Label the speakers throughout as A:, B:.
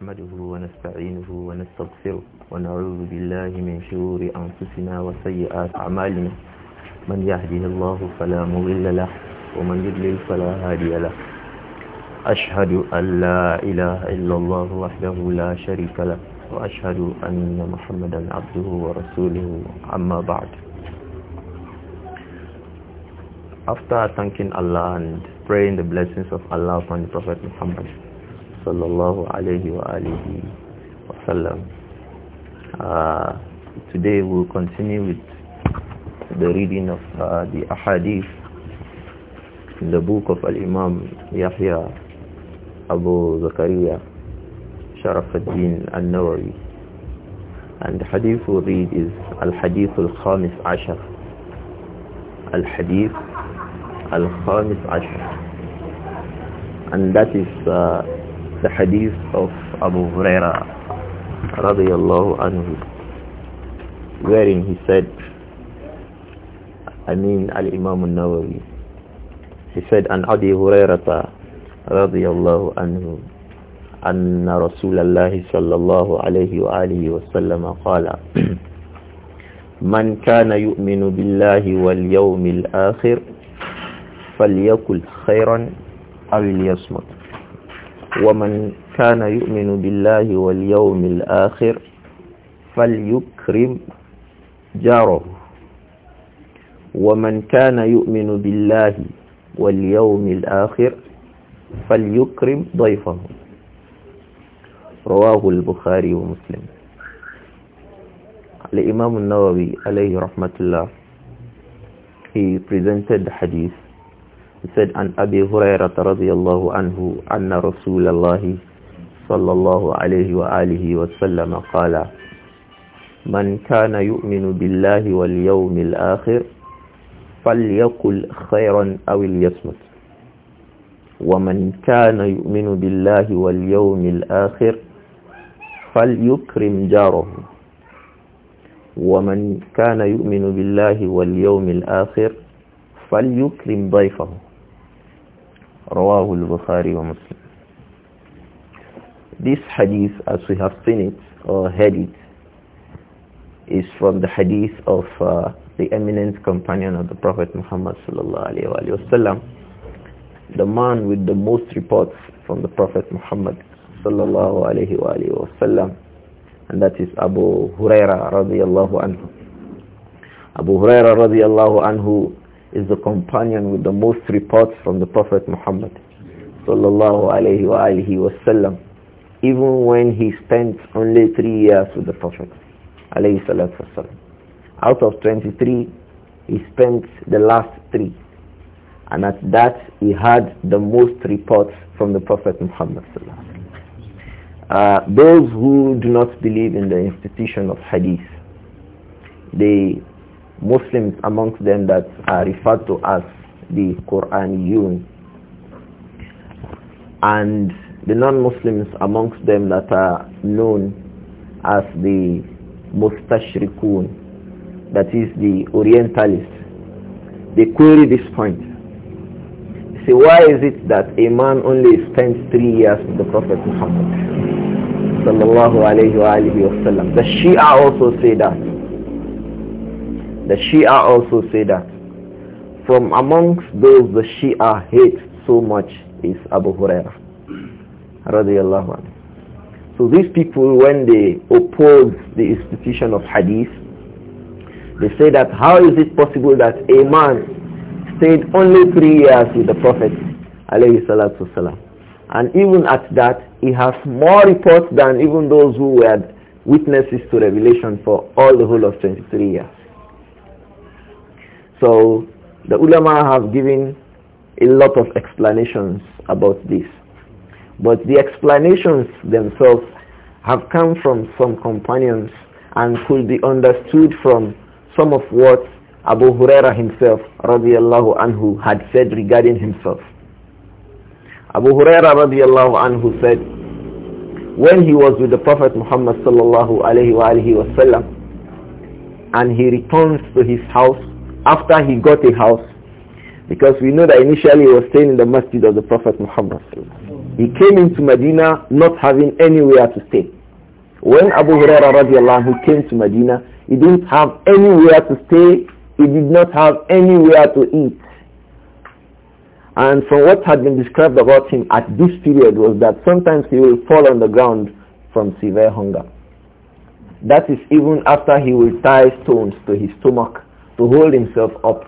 A: نحمده ونستعينه ونستغفره ونعوذ بالله من شرور أنفسنا وسيئات أعمالنا من يهده الله فلا مضل له ومن يضلل فلا هادي له أشهد أن لا إله إلا الله وحده لا شريك له وأشهد أن محمدا عبده ورسوله أما بعد After thanking Allah and praying the blessings of Allah upon the Prophet Muhammad sallallahu Uh, today we'll continue with the reading of uh, the ahadith in the book of Al-Imam Yahya Abu Zakaria al-Din An-Nawawi. And the hadith we read is Al-Hadith Al-Khamis Ashar. Al-Hadith Al-Khamis Ashar. And that is uh, the hadith of Abu Huraira radiallahu anhu wherein he said I mean al-Imam al-Nawawi he said an Adi Hurairata radiallahu anhu أن رسول الله صلى الله عليه وآله وسلم قال من كان يؤمن بالله واليوم الآخر فليقل خيرا أو ليصمت ومن كان يؤمن بالله واليوم الآخر فليكرم جاره ومن كان يؤمن بالله واليوم الآخر فليكرم ضيفه رواه البخاري ومسلم الإمام النووي عليه رحمة الله he presented the hadith He said, An Abi Hurairah radiallahu anhu, Anna Rasulullah sallallahu alayhi wa alihi wa sallam qala, من كان يؤمن بالله واليوم الآخر فليقل خيرا أو ليصمت ومن كان يؤمن بالله واليوم الآخر فليكرم جاره ومن كان يؤمن بالله واليوم الآخر فليكرم ضيفه رواه البخاري ومسلم This hadith as we have seen it or heard it is from the hadith of uh, the eminent companion of the Prophet Muhammad sallallahu alaihi wasallam the man with the most reports from the Prophet Muhammad sallallahu alaihi wasallam and that is Abu Huraira radiyallahu anhu Abu Huraira radiyallahu anhu is the companion with the most reports from the Prophet Muhammad sallallahu alayhi wa alihi wasallam even when he spent only three years with the Prophet alayhi salatu wasallam. Out of 23, he spent the last three. And at that, he had the most reports from the Prophet Muhammad sallallahu uh, those who do not believe in the institution of hadith, they Muslims amongst them that are referred to as the Yun and the non-Muslims amongst them that are known as the Mustashrikun that is the Orientalist, they query this point say why is it that a man only spends three years with the Prophet Muhammad sallallahu alayhi wa The Shia also say that the Shia also say that. From amongst those the Shia hate so much is Abu Huraira. Radiallahu anhu. So these people, when they oppose the institution of hadith, they say that how is it possible that a man stayed only three years with the Prophet And even at that, he has more reports than even those who were witnesses to revelation for all the whole of 23 years. So the ulama have given a lot of explanations about this. But the explanations themselves have come from some companions and could be understood from some of what Abu Huraira himself radiallahu anhu had said regarding himself. Abu Huraira radiallahu anhu said, when he was with the Prophet Muhammad sallallahu alayhi wa sallam and he returns to his house after he got a house because we know that initially he was staying in the masjid of the Prophet Muhammad. He came into Medina not having anywhere to stay. When Abu Hurairah radiallahu came to Medina, he didn't have anywhere to stay. He did not have anywhere to eat. And from what had been described about him at this period was that sometimes he will fall on the ground from severe hunger. That is even after he will tie stones to his stomach to hold himself up.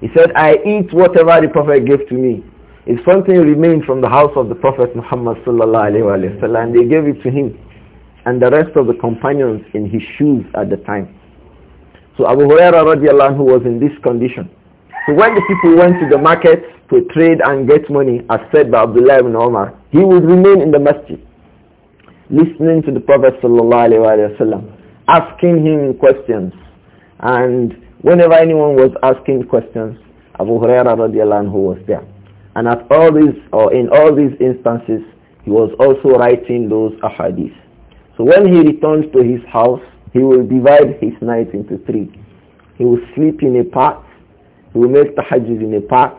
A: He said, I eat whatever the Prophet gave to me. If something remained from the house of the Prophet Muhammad sallallahu wa and they gave it to him and the rest of the companions in his shoes at the time. So Abu Huraira radiallahu anhu was in this condition. So when the people went to the market to trade and get money, as said by Abdullah ibn Omar, he would remain in the masjid, listening to the Prophet sallallahu wa sallam, asking him questions and Whenever anyone was asking questions, Abu Huraira radiallahu anhu was there. And at all these, or in all these instances, he was also writing those ahadith. So when he returns to his house, he will divide his night into three. He will sleep in a part, he will make tahajjud in a part,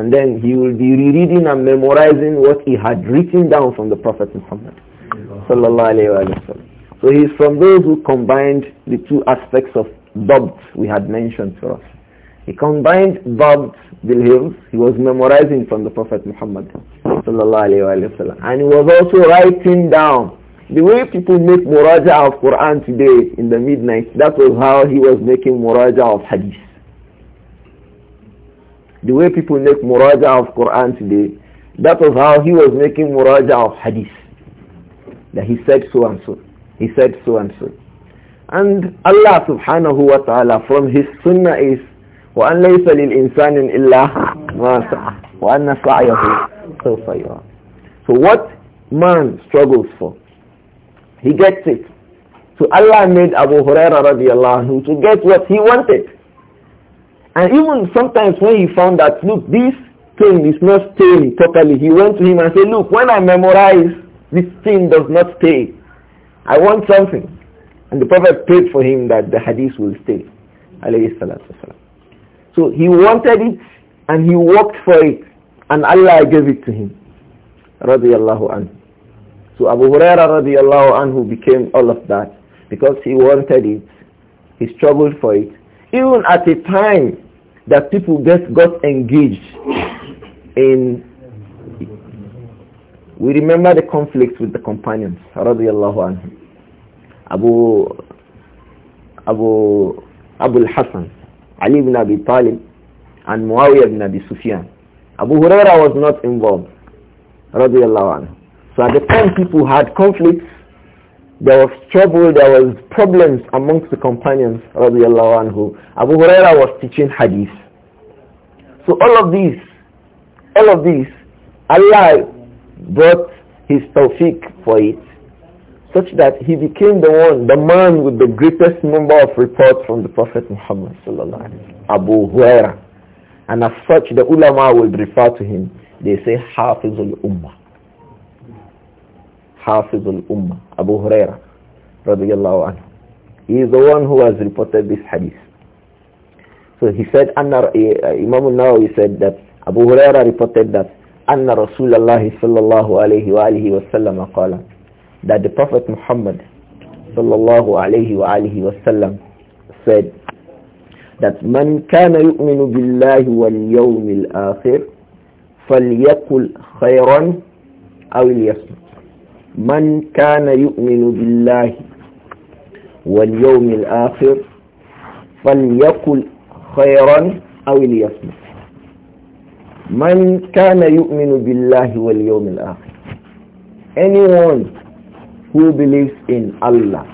A: and then he will be rereading and memorizing what he had written down from the Prophet Muhammad. Sallallahu alayhi wa So he is from those who combined the two aspects of Dabt we had mentioned for us. He combined Dabt beliefs. He was memorizing from the Prophet Muhammad and he was also writing down. The way people make muraja of Quran today in the midnight, that was how he was making muraja of hadith. The way people make muraja of Quran today, that was how he was making muraja of hadith. That he said so and so. He said so and so. And Allah subhanahu wa ta'ala from his sunnah is وَأَنْ لَيْسَ لِلْإِنسَانٍ إِلَّا مَا wa وَأَنَّ سَعْيَهُ So what man struggles for, he gets it. So Allah made Abu Huraira radiallahu to get what he wanted. And even sometimes when he found that, look, this thing is not staying properly, he went to him and said, look, when I memorize, this thing does not stay. I want something. And the Prophet prayed for him that the hadith will stay. So he wanted it and he worked for it. And Allah gave it to him. So Abu Hurairah, radiallahu anhu became all of that because he wanted it. He struggled for it. Even at a time that people just got engaged in we remember the conflict with the companions radiallahu anhu Abu Abu Abu al-Hasan Ali ibn Abi Talib and Muawiyah ibn Abi Sufyan. Abu Huraira was not involved. anhu. So at the time people had conflicts, there was trouble, there was problems amongst the companions, radiallahu anhu. Abu Huraira was teaching hadith. So all of these, all of these, Allah brought his tawfiq for it such that he became the one, the man with the greatest number of reports from the Prophet Muhammad Abu Huraira. And as such, the ulama will refer to him. They say Hafizul Ummah. Hafizul Ummah, Abu Huraira, radiyallahu anhu. He is the one who has reported this hadith. So he said, Imamul uh, Imam al-Nawawi said that Abu Huraira reported that أن رسول الله صلى الله عليه وآله وسلم قال that the Prophet Muhammad sallallahu alayhi wa alihi wasallam said that man kana yu'minu billahi wal yawmil akhir falyakul khayran aw liyasmut man kana yu'minu billahi wal yawmil akhir falyakul khayran aw liyasmut man kana yu'minu billahi wal yawmil akhir anyone who believes in Allah,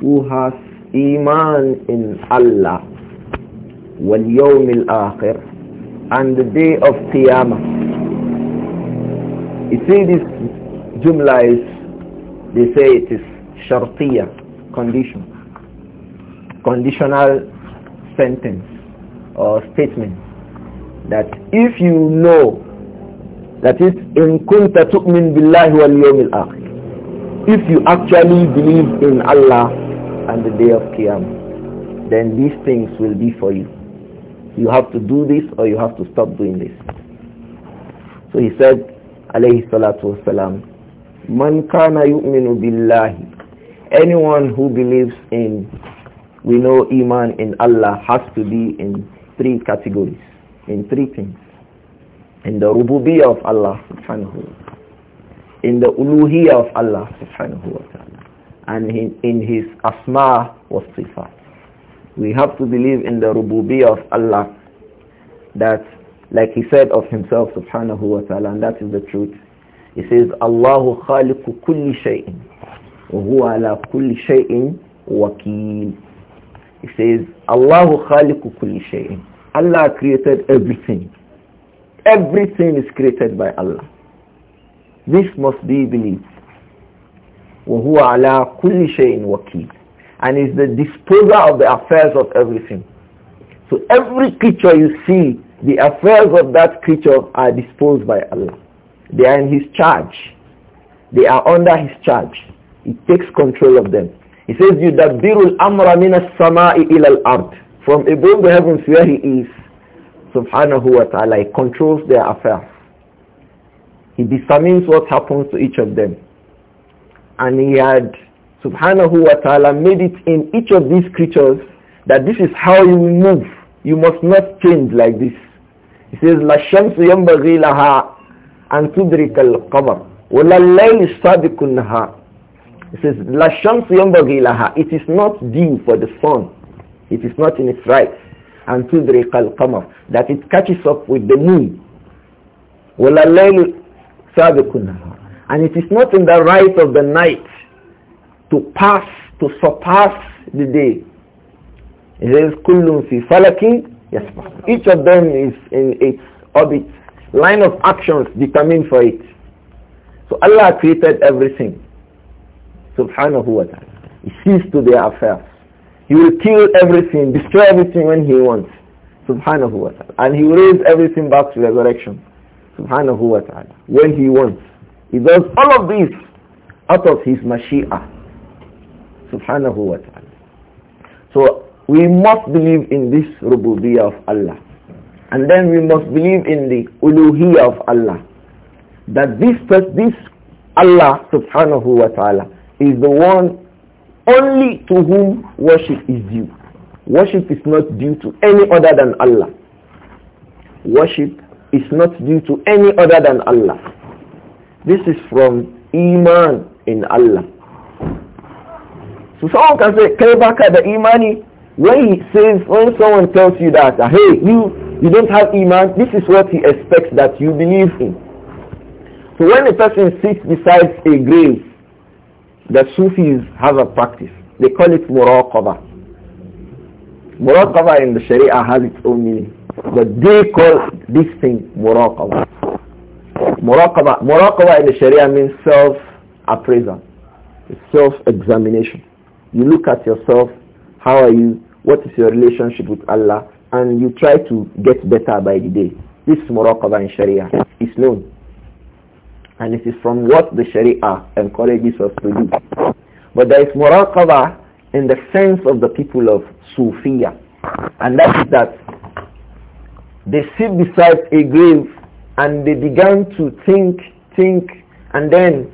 A: who has iman in Allah, wal yawm akhir and the day of Qiyamah. You see this jumla is, they say it is shartiya, condition, conditional sentence or statement that if you know that is in kunta tu'min billahi wal yawm akhir if you actually believe in Allah and the day of Qiyam, then these things will be for you. You have to do this or you have to stop doing this. So he said, alayhi salatu wasalam, Man kana yu'minu billahi. Anyone who believes in, we know Iman in Allah has to be in three categories, in three things. In the rububiyyah of Allah subhanahu in the uluhiya of Allah subhanahu wa ta'ala and in, in his asma wa sifat. We have to believe in the rububiyah of Allah that like he said of himself subhanahu wa ta'ala and that is the truth. He says Allahu khaliqu kulli shay'in wa huwa ala kulli shay'in wakil. He says Allahu khaliqu kulli shay'in. Allah created everything. Everything is created by Allah. This must be believed. وَهُوَ عَلَىٰ كُلِّ شَيْءٍ وَكِيلٍ And is the disposer of the affairs of everything. So every creature you see, the affairs of that creature are disposed by Allah. They are in His charge. They are under His charge. He takes control of them. He says, يُدَبِّرُ الْأَمْرَ مِنَ السَّمَاءِ إِلَى الْأَرْضِ From above the heavens where He is, subhanahu wa ta'ala, He controls their affairs. He determines what happens to each of them. And he had, subhanahu wa ta'ala, made it in each of these creatures that this is how you move. You must not change like this. He says, La shamsu yambaghi laha an tudrika al-qamar. Wa la layli sabiqunha. He says, La shamsu yambaghi laha. It is not due for the sun. It is not in its right. An tudrika al-qamar. That it catches up with the moon. Wa la layli and it is not in the right of the night to pass to surpass the day it says kullun fi falaki each of them is in its orbit line of actions determined for it so Allah created everything subhanahu wa ta'ala he sees to their affairs he will kill everything destroy everything when he wants subhanahu wa ta'ala and he will raise everything back to resurrection subhanahu wa ta'ala when he wants. He does all of this out of his mashia subhanahu wa ta'ala. So we must believe in this rububiyyah of Allah. And then we must believe in the uluhiyah of Allah. That this this Allah subhanahu wa ta'ala is the one only to whom worship is due. Worship is not due to any other than Allah. Worship is not due to any other than Allah. This is from Iman in Allah. So someone can say, Kaibaka the Imani, when he says, when someone tells you that, uh, hey, you, you don't have Iman, this is what he expects that you believe in. So when a person sits beside a grave, the Sufis have a practice. They call it muraqabah. Muraqabah in the Sharia has its own meaning. But they call this thing muraqabah. Muraqabah, muraqabah in the Sharia means self-appraisal, self-examination. You look at yourself, how are you, what is your relationship with Allah, and you try to get better by the day. This muraqabah in Sharia is known. And it is from what the Sharia encourages us to do. But there is muraqabah in the sense of the people of Sufiya. And that is that they sit beside a grave and they began to think, think, and then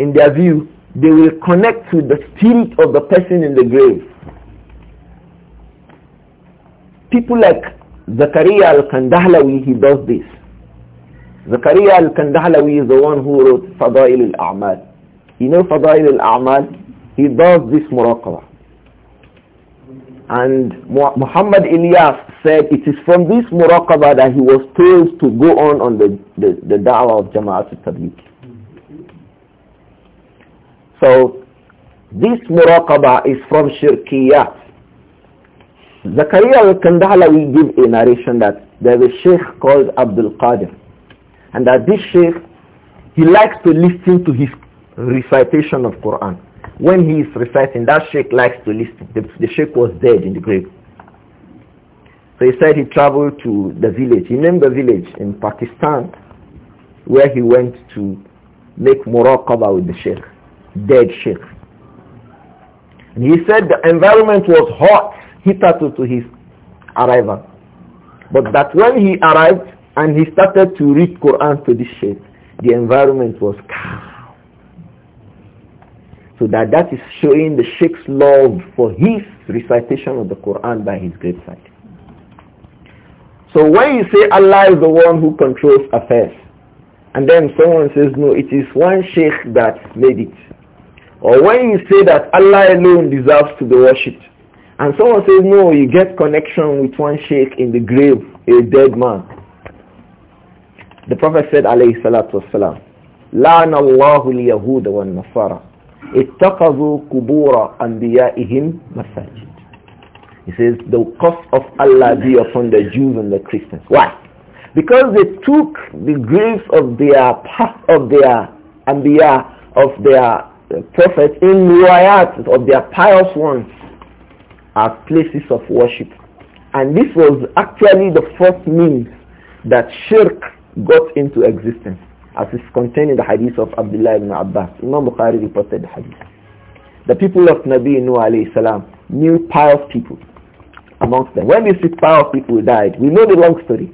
A: in their view, they will connect to the spirit of the person in the grave. People like Zakaria al-Kandahlawi, he does this. Zakaria al-Kandahlawi is the one who wrote Fadail al-A'mal. You know Fadail al-A'mal? He does this muraqabah. And Muhammad Ilyas said it is from this muraqabah that he was told to go on on the, the, the da'wah of Jama'at al-Tabliq. So this muraqabah is from shirkiyat. Zakaria al-Kandalawi give a narration that there's a sheikh called Abdul Qadir and that this sheikh, he likes to listen to his recitation of Quran when he is reciting, that sheikh likes to listen. The, the sheikh was dead in the grave. So he said he traveled to the village. He named the village in Pakistan where he went to make cover with the sheikh, dead sheikh. And he said the environment was hot, hitherto to his arrival. But that when he arrived and he started to read Quran to this sheikh, the environment was calm. So that that is showing the Sheikh's love for his recitation of the Quran by his graveside. So when you say Allah is the one who controls affairs, and then someone says, no, it is one sheikh that made it. Or when you say that Allah alone deserves to be worshipped, and someone says, no, you get connection with one sheikh in the grave, a dead man. The Prophet said, alayhi salatu wasalam, لَعْنَ اللَّهُ الْيَهُودَ وَالنَّصَارَى اتخذوا قبور أنبيائهم مساجد He says the curse of Allah be upon the Jews and the Christians. Why? Because they took the graves of their past of their Anbiya, of their uh, prophets in riot of their pious ones as places of worship. And this was actually the first means that shirk got into existence as is contained in the hadith of Abdullah ibn Abbas. Imam Bukhari reported the hadith. The people of Nabi Nuh alayhi salam knew pious people amongst them. When these pious people died, we know the long story.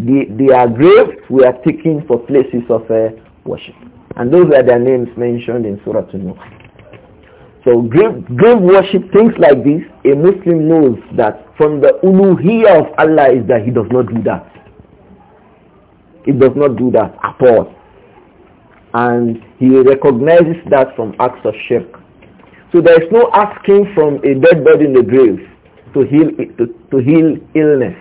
A: The, their graves were taken for places of uh, worship. And those are their names mentioned in Surah An-Nuh. So grave, grave worship, things like this, a Muslim knows that from the uluhiyah of Allah is that he does not do that. It does not do that at all. And he recognizes that from acts of shirk. So there is no asking from a dead body in the grave to heal, to, to heal illness.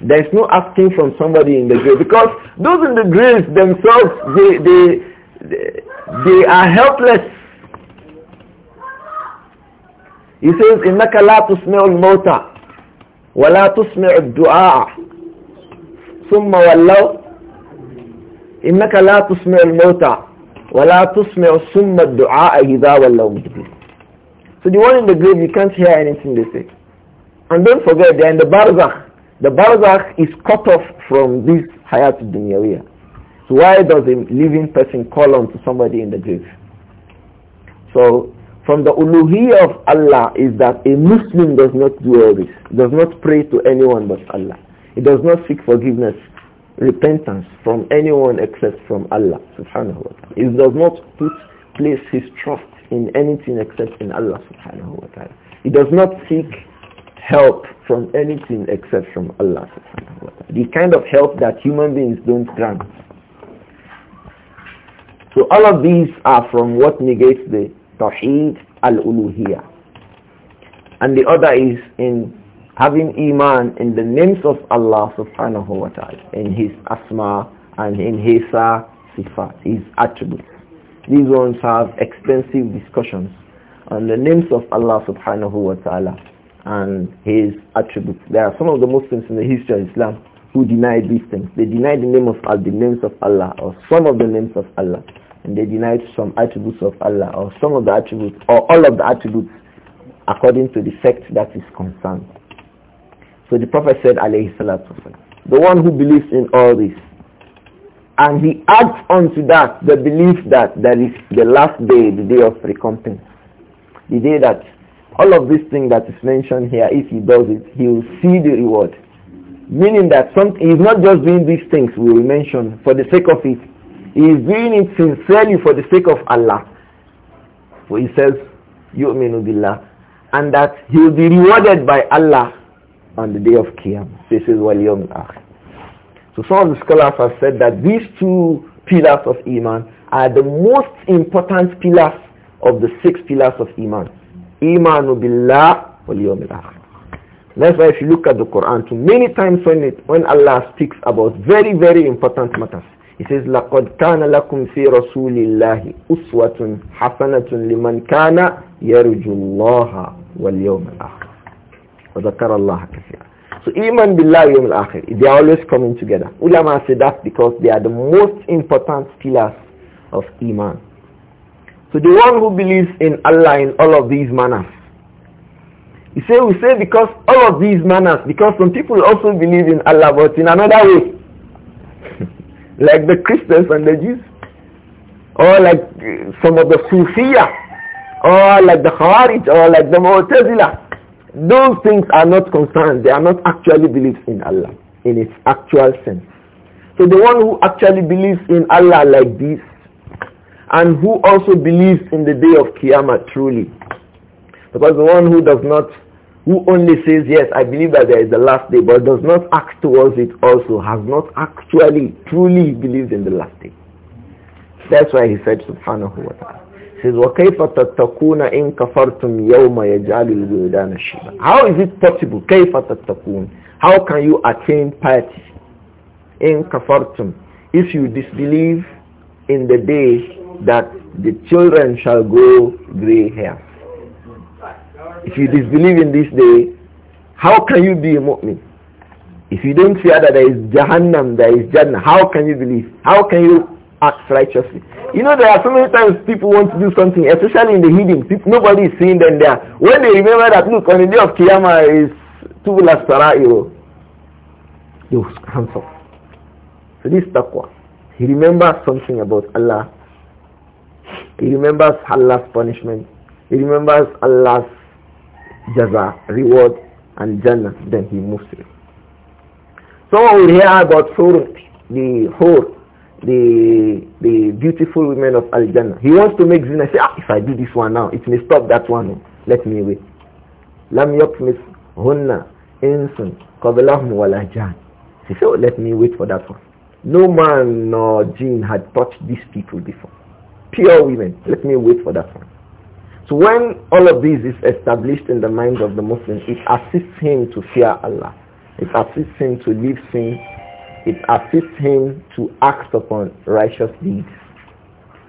A: There is no asking from somebody in the grave because those in the graves themselves, they, they, they, they are helpless. He says, إِنَّكَ لَا تُسْمِعُ الْمَوْتَى وَلَا تُسْمِعُ الدُّعَاءَ ثُمَّ وَلَّوْا إنك لا تسمع الموتى ولا تسمع ثم الدعاء إذا ولوا مدبرين So the one in the grave, you can't hear anything they say. And don't forget, they are in the barzakh. The barzakh is cut off from this hayat dunyawiyah. So why does a living person call on to somebody in the grave? So from the uluhiyah of Allah is that a Muslim does not do all this, does not pray to anyone but Allah. He does not seek forgiveness repentance from anyone except from Allah subhanahu wa ta'ala. He does not put place his trust in anything except in Allah subhanahu wa ta'ala. He does not seek help from anything except from Allah subhanahu wa ta'ala. The kind of help that human beings don't grant. So all of these are from what negates the Tawheed al-Uluhiyah. And the other is in having iman in the names of Allah subhanahu wa ta'ala, in his asma and in his Sifa, uh, sifat, his attributes. These ones have extensive discussions on the names of Allah subhanahu wa ta'ala and his attributes. There are some of the Muslims in the history of Islam who denied these things. They denied the name of Allah, uh, the names of Allah or some of the names of Allah. And they denied some attributes of Allah or some of the attributes or all of the attributes according to the sect that is concerned. So the Prophet said, the one who believes in all this, and he adds onto that the belief that there is the last day, the day of recompense. The day that all of this thing that is mentioned here, if he does it, he will see the reward. Meaning that some, he is not just doing these things we will mention for the sake of it. He is doing it sincerely for the sake of Allah. For he says, "Yu'minu billah," And that he will be rewarded by Allah on the day of Qiyam. This is Waliyom Akhir. So some of the scholars have said that these two pillars of Iman are the most important pillars of the six pillars of Iman. Imanu Billah wal Yawmil Akhir. That's why if you look at the Quran, too, many times when, it, when Allah speaks about very, very important matters, He says, لَقَدْ كَانَ لَكُمْ فِي رَسُولِ اللَّهِ أُسْوَةٌ حَسَنَةٌ لِمَنْ كَانَ يَرْجُ اللَّهَ وَالْيَوْمَ الْآخِرِ وذكر الله كثيرا so iman billah yawm al-akhir they are always coming together ulama say that because they are the most important pillars of iman so the one who believes in allah in all of these manners he say we say because all of these manners because some people also believe in allah but in another way like the christians and the jews or like eh, some of the Sufia, or like the khawarij or like the mu'tazila those things are not concerned. They are not actually beliefs in Allah in its actual sense. So the one who actually believes in Allah like this and who also believes in the day of Qiyamah truly. Because the one who does not, who only says, yes, I believe that there is the last day, but does not act towards it also, has not actually, truly believed in the last day. That's why he said, subhanahu wa ta'ala says How is it possible? كَيْفَ تَتَّقُونَ How can you attain piety? In kafartum, if you disbelieve in the day that the children shall grow gray hair. If you disbelieve in this day, how can you be a mu'min? If you don't fear that there is Jahannam, there is Jannah, how can you believe? How can you act righteously. You know, there are so many times people want to do something, especially in the hidden. People, nobody is seeing them there. When they remember that, look, on the day of Qiyamah is Tubulas Sara'iro. Oh, they will hands up. So this taqwa. He remembers something about Allah. He remembers Allah's punishment. He remembers Allah's jaza, reward, and jannah. Then he moves through. Someone will hear about Surah, the whore, the the beautiful women of Al Jannah. He wants to make zina. Say, ah, if I do this one now, it may stop that one. Let me wait. Lam yakmis hunna insun qablahum wala jan. He said, oh, let me wait for that one. No man nor jinn had touched these people before. Pure women. Let me wait for that one. So when all of this is established in the mind of the Muslim, it assists him to fear Allah. It assists him to leave sin it assists him to act upon righteous deeds.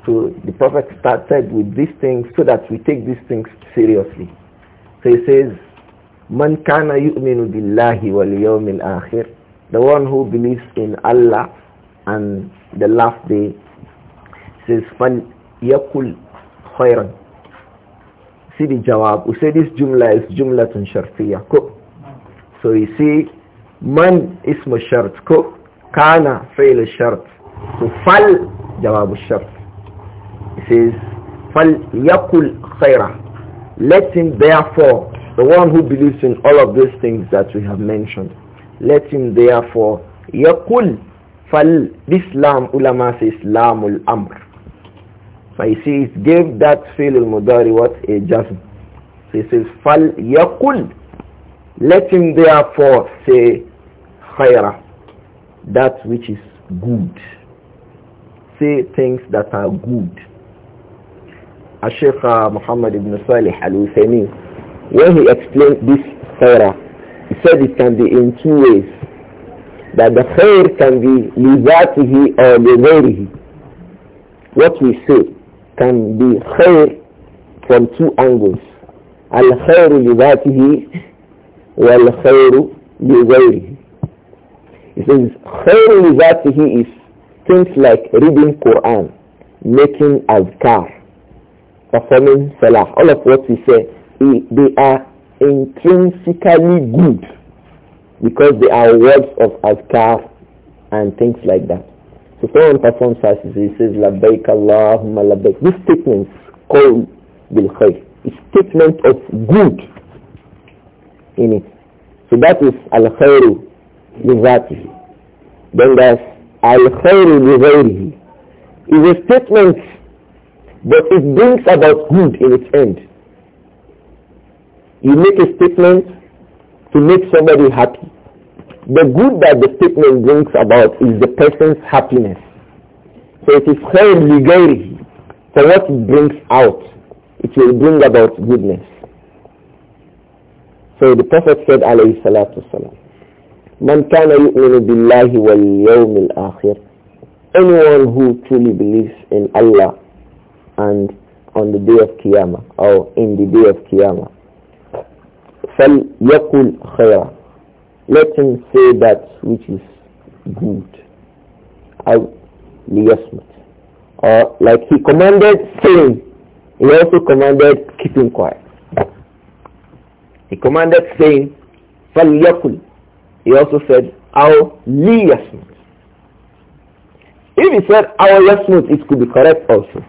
A: So the Prophet started with these things so that we take these things seriously. So he says, Man kana yu'minu billahi wal yawmil akhir. The one who believes in Allah and the last day says, Fan yakul khairan. See the jawab. We say this jumla is jumlatun shartiyah. So you see, man ismu shart. كان فعل الشرط فل جواب الشرط it says فليقل خيرا let him therefore the one who believes in all of these things that we have mentioned let him therefore يقل فل this lam ulama says lamul amr so he says give gave that fa'il al-mudari what a jazm so says says yaqul let him therefore say خيرا that which is good. Say things that are good. Sheikh uh, Muhammad ibn Salih al-Uthaymeen, when he explained this surah, he said it can be in two ways. That the khair can be لذاته or لغيره. What we say can be khair from two angles. Al-khair لذاته wal-khair لغيره. He says, that he is things like reading Quran, making azkar, performing salah. All of what we say, they are intrinsically good because they are words of azkar and things like that. So someone performs as he says, Labbaik Allahumma Labbaik. This statement called bil khair. It's statement of good in it. So that is al khairu بذاته then there's الخير بغيره is a statement but it brings about good in its end you make a statement to make somebody happy the good that the statement brings about is the person's happiness so it is خير لغيره for what it brings out it will bring about goodness so the prophet said alayhi salatu wasalam من كان يؤمن billahi wal الآخر. Anyone who truly believes in Allah and on the day of Qiyamah or in the day of Qiyamah. فَلْيَقُلْ خَيْرًا Let him say that which is good. أو ليصمت. Or like he commanded saying, he also commanded keeping quiet. He commanded saying, فَلْيَقُلْ he also said, our li yasmut. If he said our yasmut, it could be correct also.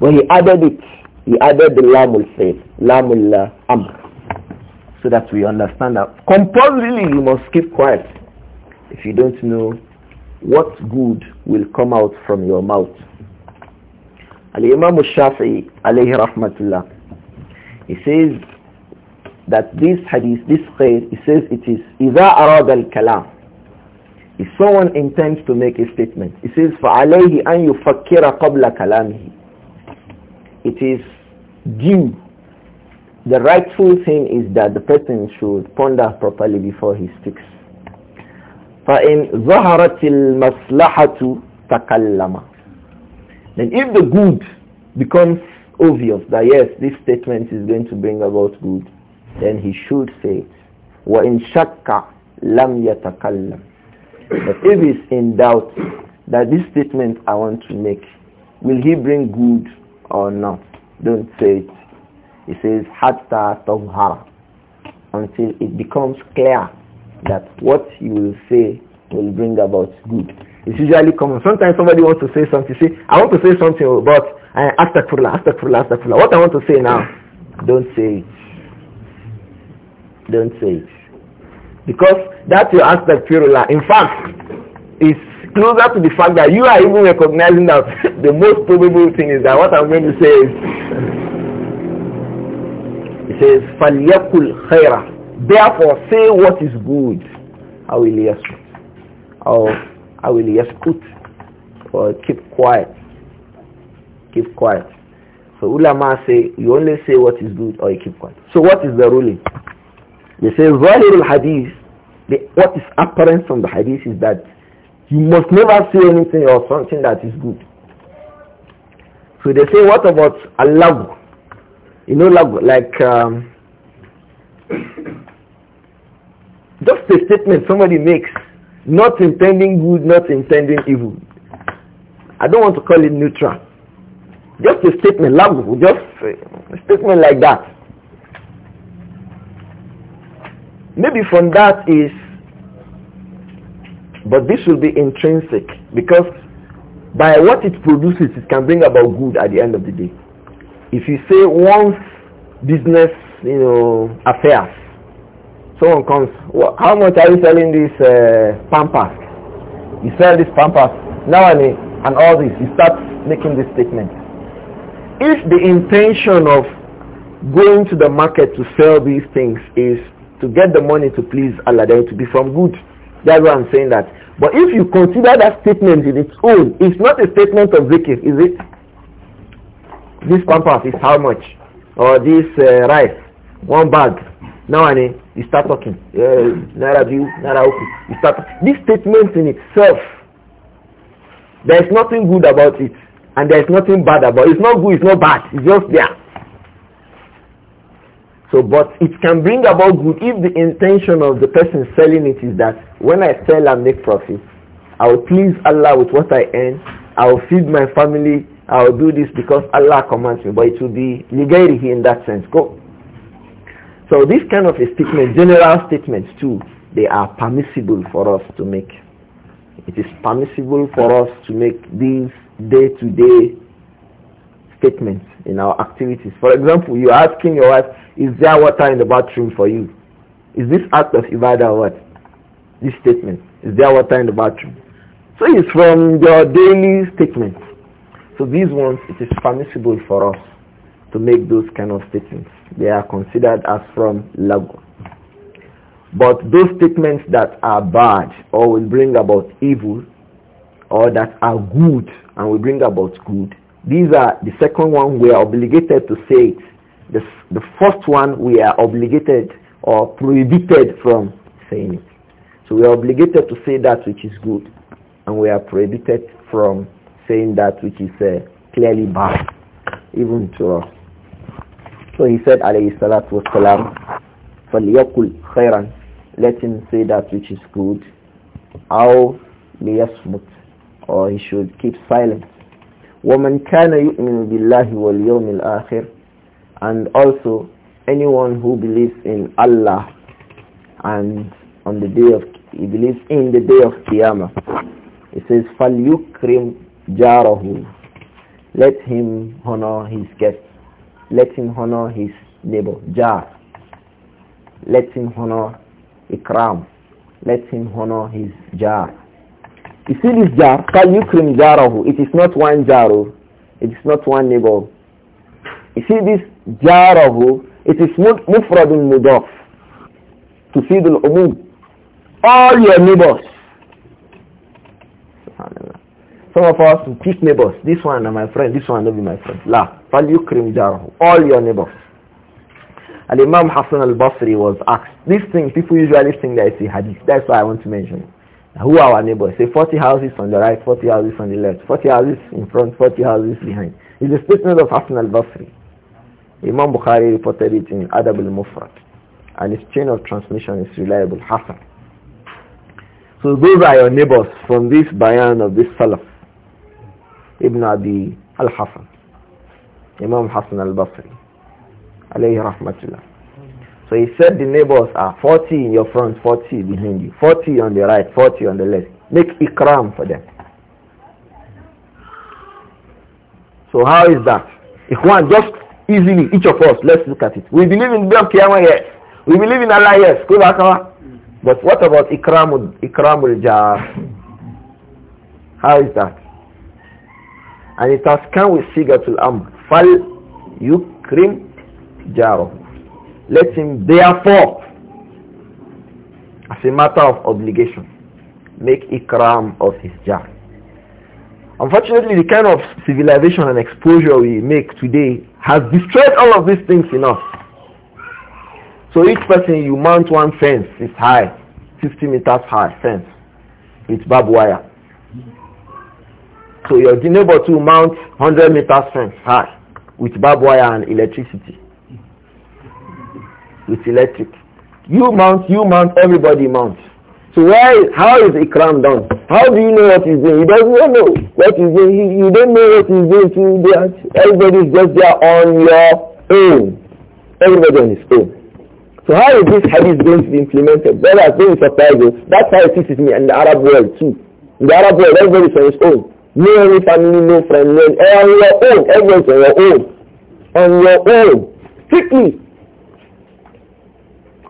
A: But he added it. He added the lamul said, lamul amr. So that we understand that compulsorily you must keep quiet if you don't know what good will come out from your mouth. Al-Imam al-Shafi'i alayhi rahmatullah. He says, that this hadith, this khair, it says it is إِذَا أَرَادَ الْكَلَامِ If someone intends to make a statement, it says فَعَلَيْهِ أَنْ يُفَكِّرَ قَبْلَ كَلَامِهِ It is due. The rightful thing is that the person should ponder properly before he speaks. فَإِنْ ظَهَرَتِ الْمَصْلَحَةُ تَكَلَّمَ Then if the good becomes obvious that yes, this statement is going to bring about good, then he should say it. وَإِن شَكَّ لَمْ يَتَكَلَّمْ But if he's in doubt that this statement I want to make, will he bring good or not? Don't say it. He says, حَتَّى تَظْهَرَ Until it becomes clear that what you will say will bring about good. It's usually common. Sometimes somebody wants to say something. Say, I want to say something about uh, Kurla, after Kurla. What I want to say now, don't say it. Don't say it. Because that's your astaghfirullah. In fact, it's closer to the fact that you are even recognizing that the most probable thing is that what I'm going to say is, it says, فَلْيَقُلْ خَيْرًا Therefore, say what is good. I will يَسْكُتْ Or I will put Or keep quiet. Keep quiet. So ulama say, you only say what is good or you keep quiet. So what is the ruling? They say, Zahir al-Hadith, what is apparent from the Hadith is that you must never say anything or something that is good. So they say, what about Allah? You know, like, um, just a statement somebody makes, not intending good, not intending evil. I don't want to call it neutral. Just a statement, love, just a statement like that. Maybe from that is, but this will be intrinsic because by what it produces, it can bring about good at the end of the day. If you say once business, you know, affairs, someone comes, well, how much are you selling this uh, pampas? You sell this pampas now and, and all this. You start making this statement. If the intention of going to the market to sell these things is to get the money to please Allah, then to be from good. That's why I'm saying that. But if you consider that statement in its own, it's not a statement of zikr, is it? This pampas is how much? Or this uh, rice, one bag. Now and you start talking. Uh, naira view, You start. This statement in itself, there is nothing good about it, and there is nothing bad about it. It's not good, it's not bad. It's just there. So, but it can bring about good if the intention of the person selling it is that when I sell and make profit, I will please Allah with what I earn. I will feed my family. I will do this because Allah commands me. But it will be legality in that sense. Go. So this kind of a statement, general statements too, they are permissible for us to make. It is permissible for us to make these day to -day statements in our activities. For example, you're asking your wife, is there water in the bathroom for you? Is this act of ibadah what? This statement, is there water in the bathroom? So it's from your daily statement. So these ones, it is permissible for us to make those kind of statements. They are considered as from lagu. But those statements that are bad or will bring about evil or that are good and will bring about good, these are the second one we are obligated to say it. The, the first one we are obligated or prohibited from saying it. So we are obligated to say that which is good and we are prohibited from saying that which is uh, clearly bad, even to us. So he said, alayhi salatu wasalam, فَلْيَقُلْ خَيْرًا Let him say that which is good. أَوْ لِيَصْمُتْ Or he should keep silence. وَمَنْ كَانَ يُؤْمِنُ بِاللَّهِ وَالْيَوْمِ الْآخِرِ And also, anyone who believes in Allah and on the day of, he believes in the day of Qiyamah. It says, فَلْيُكْرِمْ جَارَهُ Let him honor his guest. Let him honor his neighbor. Jar. Let him honor Ikram. Let him honor his jar. You see this jar, Kayukrim Jarahu, it is not one Jaru, oh. it is not one neighbor. You see this Jarahu, oh, it is Mufradun Mudaf, to feed the umum all your neighbors. Some of us pick neighbors. This one are my friend. This one will be my friend. La. Falyukrim jarahu. All your neighbors. And Imam Hassan al-Basri was asked. This thing, people usually think that it's a hadith. That's why I want to mention it. Who are our neighbors? Say 40 houses on the right, 40 houses on the left, 40 houses in front, 40 houses behind. It's a statement of Hassan al-Basri. Imam Bukhari reported it in Adab al-Mufrad. And its chain of transmission is reliable, Hassan. So those are your neighbors from this bayan of this Salaf. Ibn Abi al-Hasan. Imam Hassan al-Basri. Alayhi rahmatullah. So he said the neighbors are 40 in your front, 40 behind you, 40 on the right, 40 on the left. Make ikram for them. So how is that? one just easily, each of us, let's look at it. We believe in Blok Kiyama, yes. We believe in Allah, yes. But what about ikramul, ikramul jar? How is that? And it has come with Sigatul Amr. Fal yukrim jarahu. Let him therefore, as a matter of obligation, make ikram of his jar. Unfortunately, the kind of civilization and exposure we make today has destroyed all of these things in us. So each person, you mount one fence, it's high, 50 meters high fence with barbed wire. So your neighbor to mount 100 meters fence high with barbed wire and electricity with electric. You mount, you mount, everybody mounts. So why, how is Ikram done? How do you know what he's doing? He doesn't know what he's doing. He, you don't know what he's doing. To Everybody's just there on your own. Everybody on his own. So how is this hadith going to be implemented? Brothers, don't be That's how it is me in the Arab world too. In the Arab world, everybody's on his own. No any family, no friend, no, on your own. Everyone's on your own. On your own. Strictly.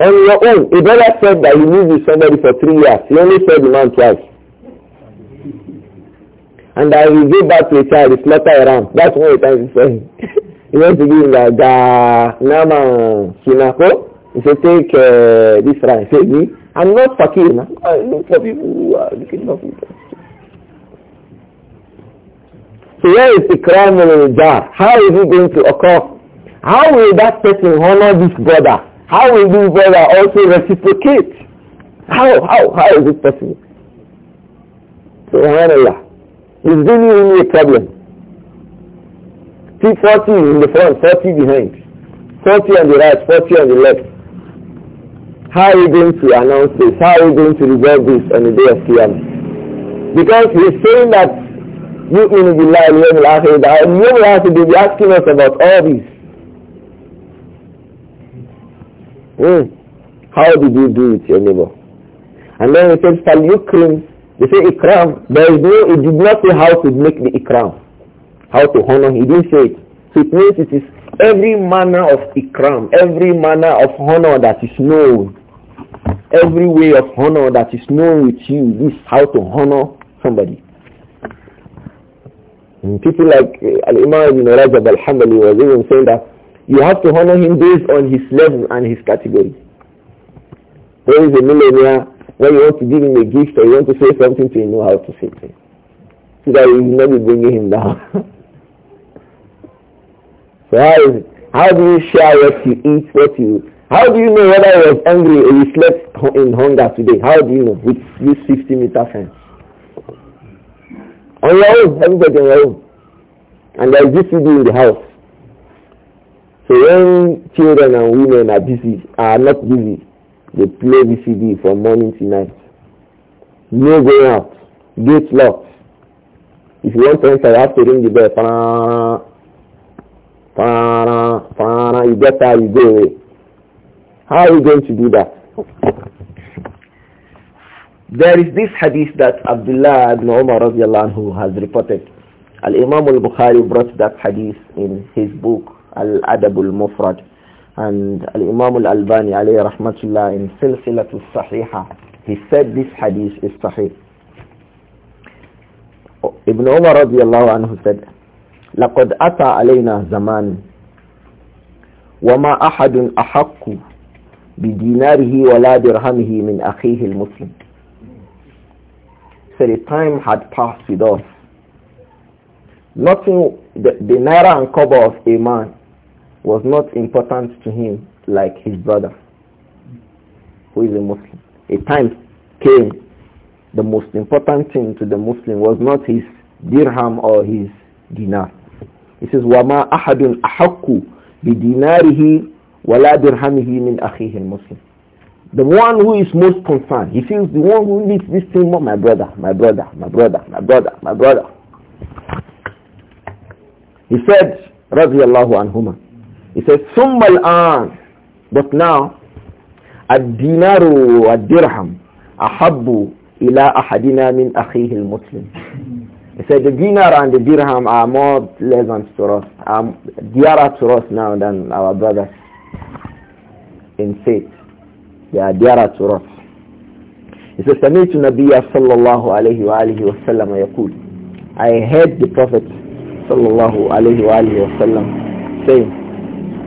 A: On your own, he never oh, said that he lived with somebody for three years. He only said the man twice. And I will give back to you. child, he slaughter around. That's what of the times he said. he went to give him the da, nama, sinako. He said, take uh, this rice. He said, I'm not fakir. Nah. I look for people who are looking for people. So where is the crime in the jar? How is it going to occur? How will that person honor this brother? How will this brother also reciprocate? How, how, how is it possible? SubhanAllah. He's giving really a problem. See 40 in the front, 40 behind. 40 on the right, 40 on the left. How are we going to announce this? How are we going to resolve this on the day of Qiyamah? Because he's saying that you بالله اليوم الآخر the يوم You will be asking us about all these. Hmm. How did you do with your neighbor? And then he said, Falyukrim. They say ikram. There is no, he did not say how to make the ikram. How to honor. He didn't say it. So it means it is every manner of ikram, every manner of honor that is known, every way of honor that is known with you, this is how to honor somebody. And people like uh, Al-Imam Ibn Rajab Al-Hambali was even saying that you have to honor him based on his level and his category. There is a millionaire when you want to give him a gift or you want to say something to him, you know how to say it. So that you will not be bringing him down. so how is How do you share what you eat, what you... How do you know whether he was angry or you slept in hunger today? How do you know? With this 50 meter fence. On your own, everybody on your own. And there is this video in the house. So when children and women are busy, are not busy, they play VCD from morning to night. No going out. Gates locked. If you want to enter, you have to ring the bell. You get out, you go away. How are you going to do that? There is this hadith that Abdullah ibn Umar who has reported. Al-Imam al-Bukhari brought that hadith in his book الأدب المفرد And الإمام الألباني عليه رحمة الله in سلسلة الصحيحة he said this hadith is صحيح ابن عمر رضي الله عنه said, لقد أتى علينا زمان وما أحد أحق بديناره ولا درهمه من أخيه المسلم So the time had passed with us. Nothing, the, the naira and cover of a man was not important to him like his brother, who is a Muslim. A time came, the most important thing to the Muslim was not his dirham or his dinar. He says, وَمَا أَحَدٌ أَحَقُّ بِدِنَارِهِ وَلَا دِرْهَمِهِ مِنْ أَخِيهِ الْمُسْلِمِ The one who is most concerned, he feels the one who needs this thing more, my brother, my brother, my brother, my brother, my brother. He said, رضي الله عنهما He says, ثم الآن. But now, الدينار والدرهم أحب إلى أحدنا من أخيه المسلم. He said, the dinar and the dirham are more pleasant to us, are dearer to us now than our brothers in faith. They are dearer to us. He says, سمعت النبي صلى الله عليه وآله وسلم يقول I heard the Prophet صلى الله عليه وآله وسلم saying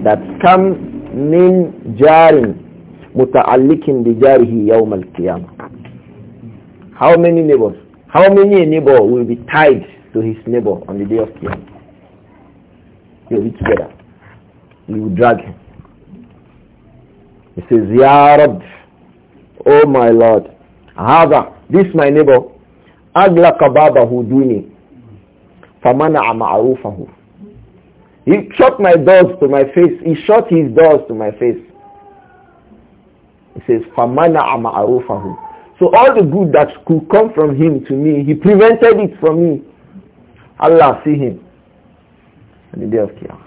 A: that come min jarin muta'allikin bi jarihi yawm al-qiyamah how many neighbors how many neighbor will be tied to his neighbor on the day of qiyamah he will be together you will drag him he says ya rab oh my lord hada this my neighbor aglaqa babahu duni famana'a ma'rufahu he shot my dogs to my face. He shot his dogs to my face. He says, فَمَنَعَ مَعَرُوفَهُ So all the good that could come from him to me, he prevented it from me. Allah see him on the day of Qiyamah.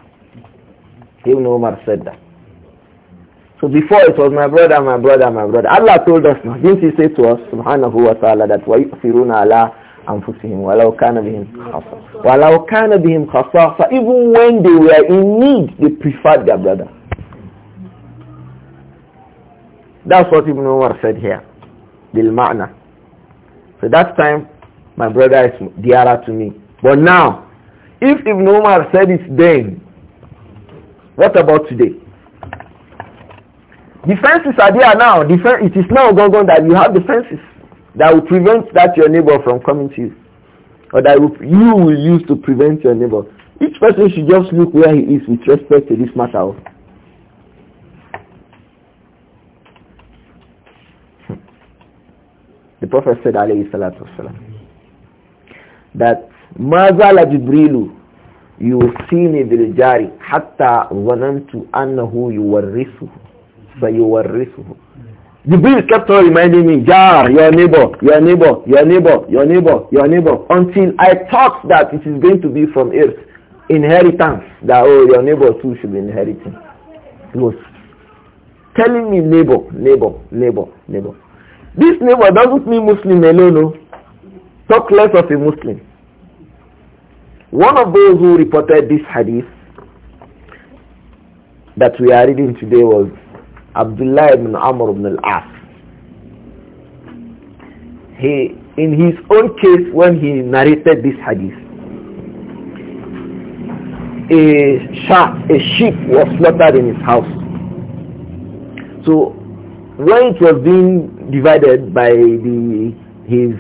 A: Even Omar said that. So before it was my brother, my brother, my brother. Allah told us now. Didn't he say to us, subhanahu wa ta'ala, that وَيُؤْثِرُونَ Allah." أنفسهم ولو كان بهم خاصة ولو كان بهم So even when they were in need they preferred their brother that's what Ibn Umar said here بالمعنى so that time my brother is dearer to me but now if Ibn Umar said it then what about today defenses are there now Defen it is now gone that you have defenses that will prevent that your neighbor from coming to you or that you will use to prevent your neighbor. Each person should just look where he is with respect to this matter. Hmm. The Prophet said, alayhi salatu wasalam, that mazala jibrilu yusini biljari hatta zanantu annahu yuwarrisuhu sayuwarrisuhu Jibril kept on reminding me, Jar, your neighbor, your neighbor, your neighbor, your neighbor, your neighbor, until I thought that it is going to be from earth inheritance, that oh, your neighbor too should be inheriting. He was telling me neighbor, neighbor, neighbor, neighbor. This neighbor doesn't mean Muslim alone, no. Talk less of a Muslim. One of those who reported this hadith that we are reading today was Abdullah ibn Amr ibn al-As. He, in his own case, when he narrated this hadith, a, shark, a sheep was slaughtered in his house. So when it was being divided by the, his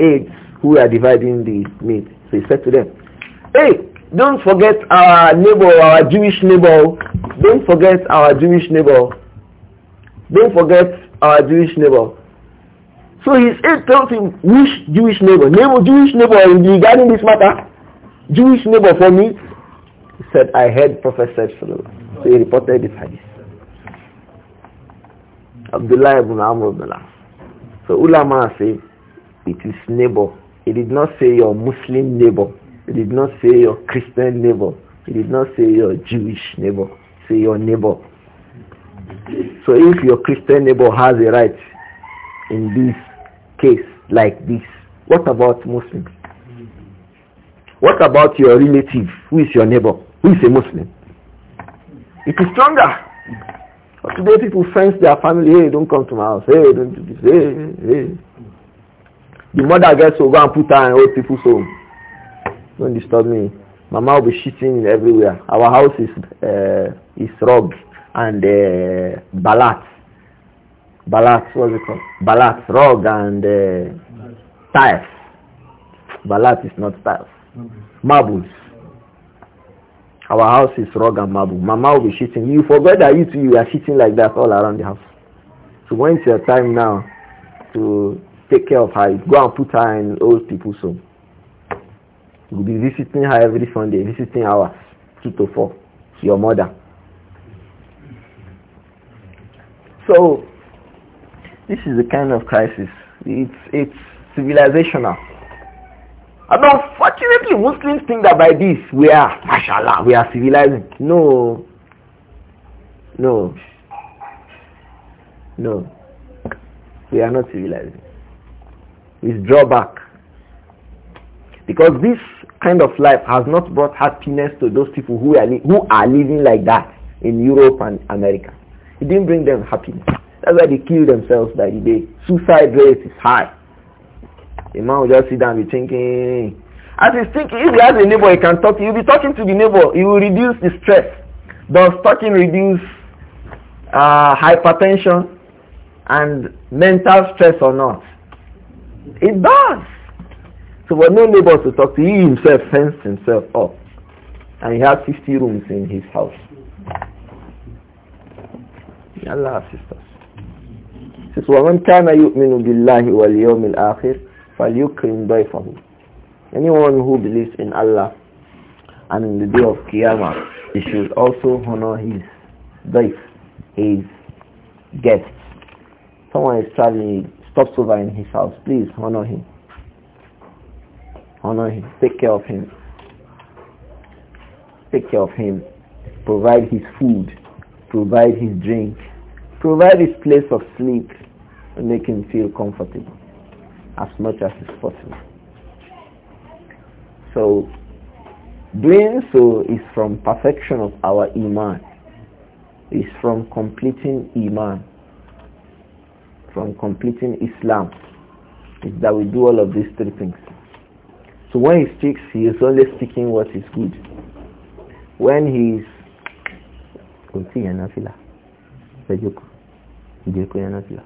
A: aides who are dividing the meat, so he said to them, hey, don't forget our neighbor, our Jewish neighbor. Don't forget our Jewish neighbor. Don't forget our Jewish neighbor. So his aide tells him, which Jewish neighbor? Neighbor, Jewish neighbor regarding this matter? Jewish neighbor for me? He said, I heard Prophet said So he reported this hadith. Abdullah ibn Amr ibn Allah. So ulama say, it is neighbor. He did not say your Muslim neighbor. He did not say your Christian neighbor. He did not say your Jewish neighbor. Say your neighbor. So if your Christian neighbor has a right in this case like this, what about Muslims? What about your relative who is your neighbor, who is a Muslim? It is stronger. But today people fence their family, hey, don't come to my house, hey, don't do this, hey, hey. The mother gets over and put her in old people's home. Don't disturb me. Mama will be shitting everywhere. Our house is uh, is robbed and uh, balat. Balat, what is it called? Balat, rug and uh, tiles. Balat is not tiles. Marbles. Our house is rug and marble. Mama will be shitting. You forget that you two you are shitting like that all around the house. So when's your time now to take care of her, go and put her in old people's home. You'll be visiting her every Sunday, visiting hours, two to four, your mother. So this is the kind of crisis. It's it's civilizational. And unfortunately, Muslims think that by this we are, mashallah, we are civilized. No, no, no, we are not civilized. It's drawback because this kind of life has not brought happiness to those people who are who are living like that in Europe and America. It didn't bring them happiness. That's why they kill themselves by the day. Suicide rate is high. The man will just sit down and be thinking. As he's thinking, if he has a neighbor he can talk to, you'll be talking to the neighbor. It will reduce the stress. Does talking reduce uh, hypertension and mental stress or not? It does. So for no neighbor to talk to. He himself fenced himself up. And he has 50 rooms in his house. May Allah assist us. Says, وَمَنْ كَانَ يُؤْمِنُ بِاللَّهِ وَالْيَوْمِ الْآخِرِ فَلْيُكْرِمْ ضَيْفَهُ Anyone who believes in Allah and in the day of Qiyamah, he should also honor his daif, his guest. Someone is traveling, stops over in his house, please honor him. Honor him, take care of him. Take care of him, provide his food, provide his drink, provide his place of sleep, and make him feel comfortable as much as is possible. So doing so is from perfection of our iman, is from completing iman, from completing Islam, is that we do all of these three things. So when he speaks, he is only speaking what is good. When he is kò tí fìlà fìlà.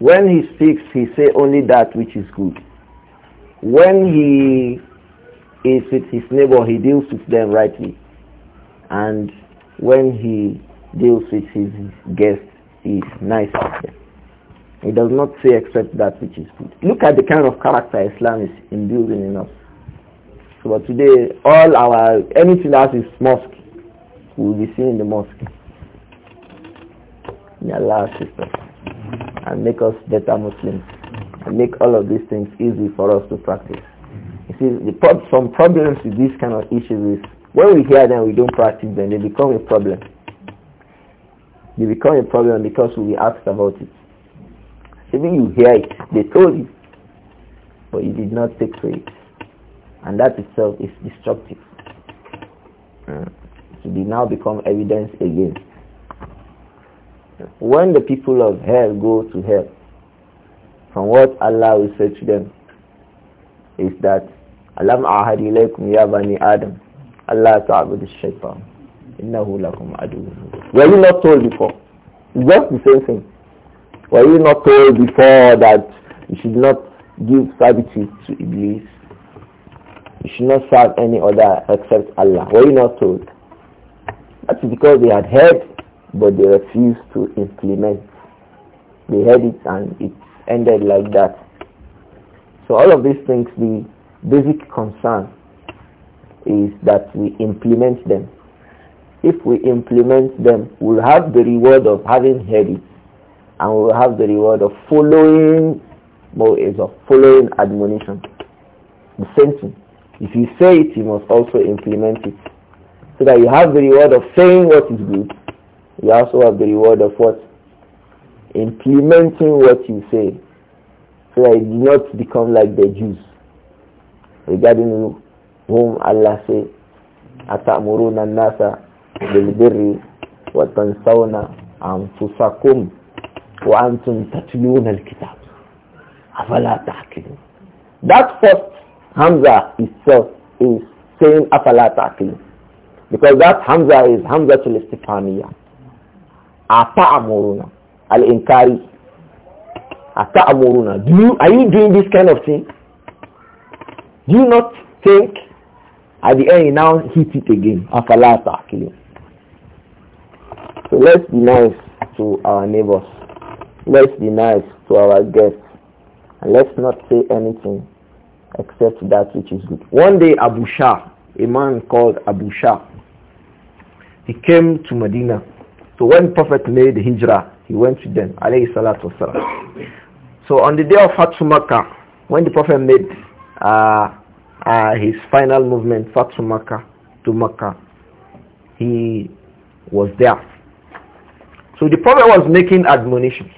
A: When he speaks, he say only that which is good. When he is with his neighbor, he deals with them rightly. And when he deals with his guest, he is nice to them. He does not say except that which is good. Look at the kind of character Islam is imbuing in us. So but today, all our, anything else is mosque we will be seen in the mosque. May Allah assist us and make us better Muslims and make all of these things easy for us to practice. You see, the some problems with these kind of issues is when we hear them, we don't practice them, they become a problem. They become a problem because we asked about it. Even you hear it, they told you, but you did not take to it. And that itself is destructive. Mm to be now become evidence again. When the people of hell go to hell, from what Allah will say to them is that Alam ahad ilaykum ya bani Adam Allah ta'budu shaitan innahu lakum aduwwun Were you not told before? It's just the same thing. Were you not told before that you should not give servitude to Iblis? You should not serve any other except Allah. Were you not told? That is because they had heard, but they refused to implement. They heard it and it ended like that. So all of these things, the basic concern is that we implement them. If we implement them, we'll have the reward of having heard it and we'll have the reward of following more is of following admonition. The same thing. If you say it, you must also implement it. So that you have the reward of saying what is good. You also have the reward of what? Implementing what you say. So that you do not become like the Jews. Regarding whom Allah said, أَتَأْمُرُونَ النَّاسَ بِالْبِرِّ وَتَنْسَوْنَ أَنفُسَكُمْ وَأَنْتُمْ تَتْلُونَ الْكِتَابَ أَفَلَا تَعْقِلُونَ That first Hamza itself is saying أَفَلَا تَعْقِلُونَ because that Hamza is Hamza to Istifaniya. Ata'amuruna. Al-Inkari. Ata'amuruna. Do you, are you doing this kind of thing? Do you not think at the end you now hit it again? Afala ta'akilun. So let's be nice to our neighbors. Let's be nice to our guests. And let's not say anything except that which is good. One day Abu Shah, a man called Abu Shah, he came to Medina. So when Prophet made hijrah, he went to them, alayhi salatu wasalam. So on the day of Fatu Makkah, when the Prophet made uh, uh, his final movement, Fatu Makkah, to Makkah, he was there. So the Prophet was making admonitions.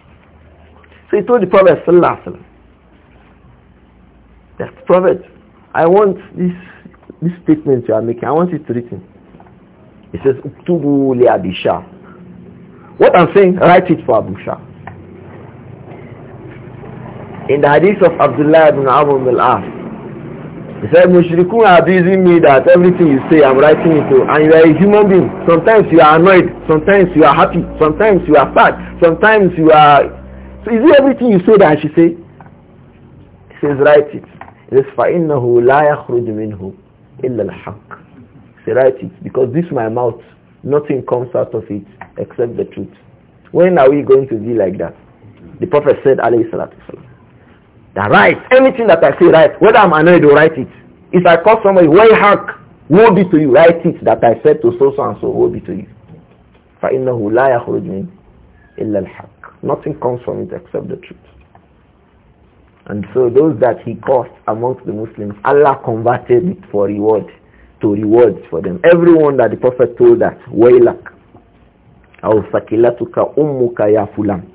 A: So he told the Prophet sallallahu that Prophet, I want this this statement you are making, I want it written. He says, Uktubu li Abisha." What I'm saying, write it for Abu Shah. In the hadith of Abdullah ibn Amr ibn al-As, he said, Mushrikun are abusing me that everything you say I'm writing it to. And you are a human being. Sometimes you are annoyed. Sometimes you are happy. Sometimes you are sad. Sometimes you are... So is it everything you say that I should say? He says, write it. He says, فَإِنَّهُ لَا يَخْرُجُ مِنْهُ إِلَّا الْحَقِّ Say, write it. Because this my mouth, nothing comes out of it except the truth. When are we going to be like that? The Prophet said, alayhi salatu wasalam, that right, anything that I say right, whether I'm annoyed or write it. If I call somebody, way hack will be to you, write it that I said to so, so and so, will be to you. فإنه لا يخرج من إلا الحق. Nothing comes from it except the truth. And so those that he caused amongst the Muslims, Allah converted it for reward to rewards for them. Everyone that the Prophet told that, Wailak, أو ثقلتك أمك ya fulan,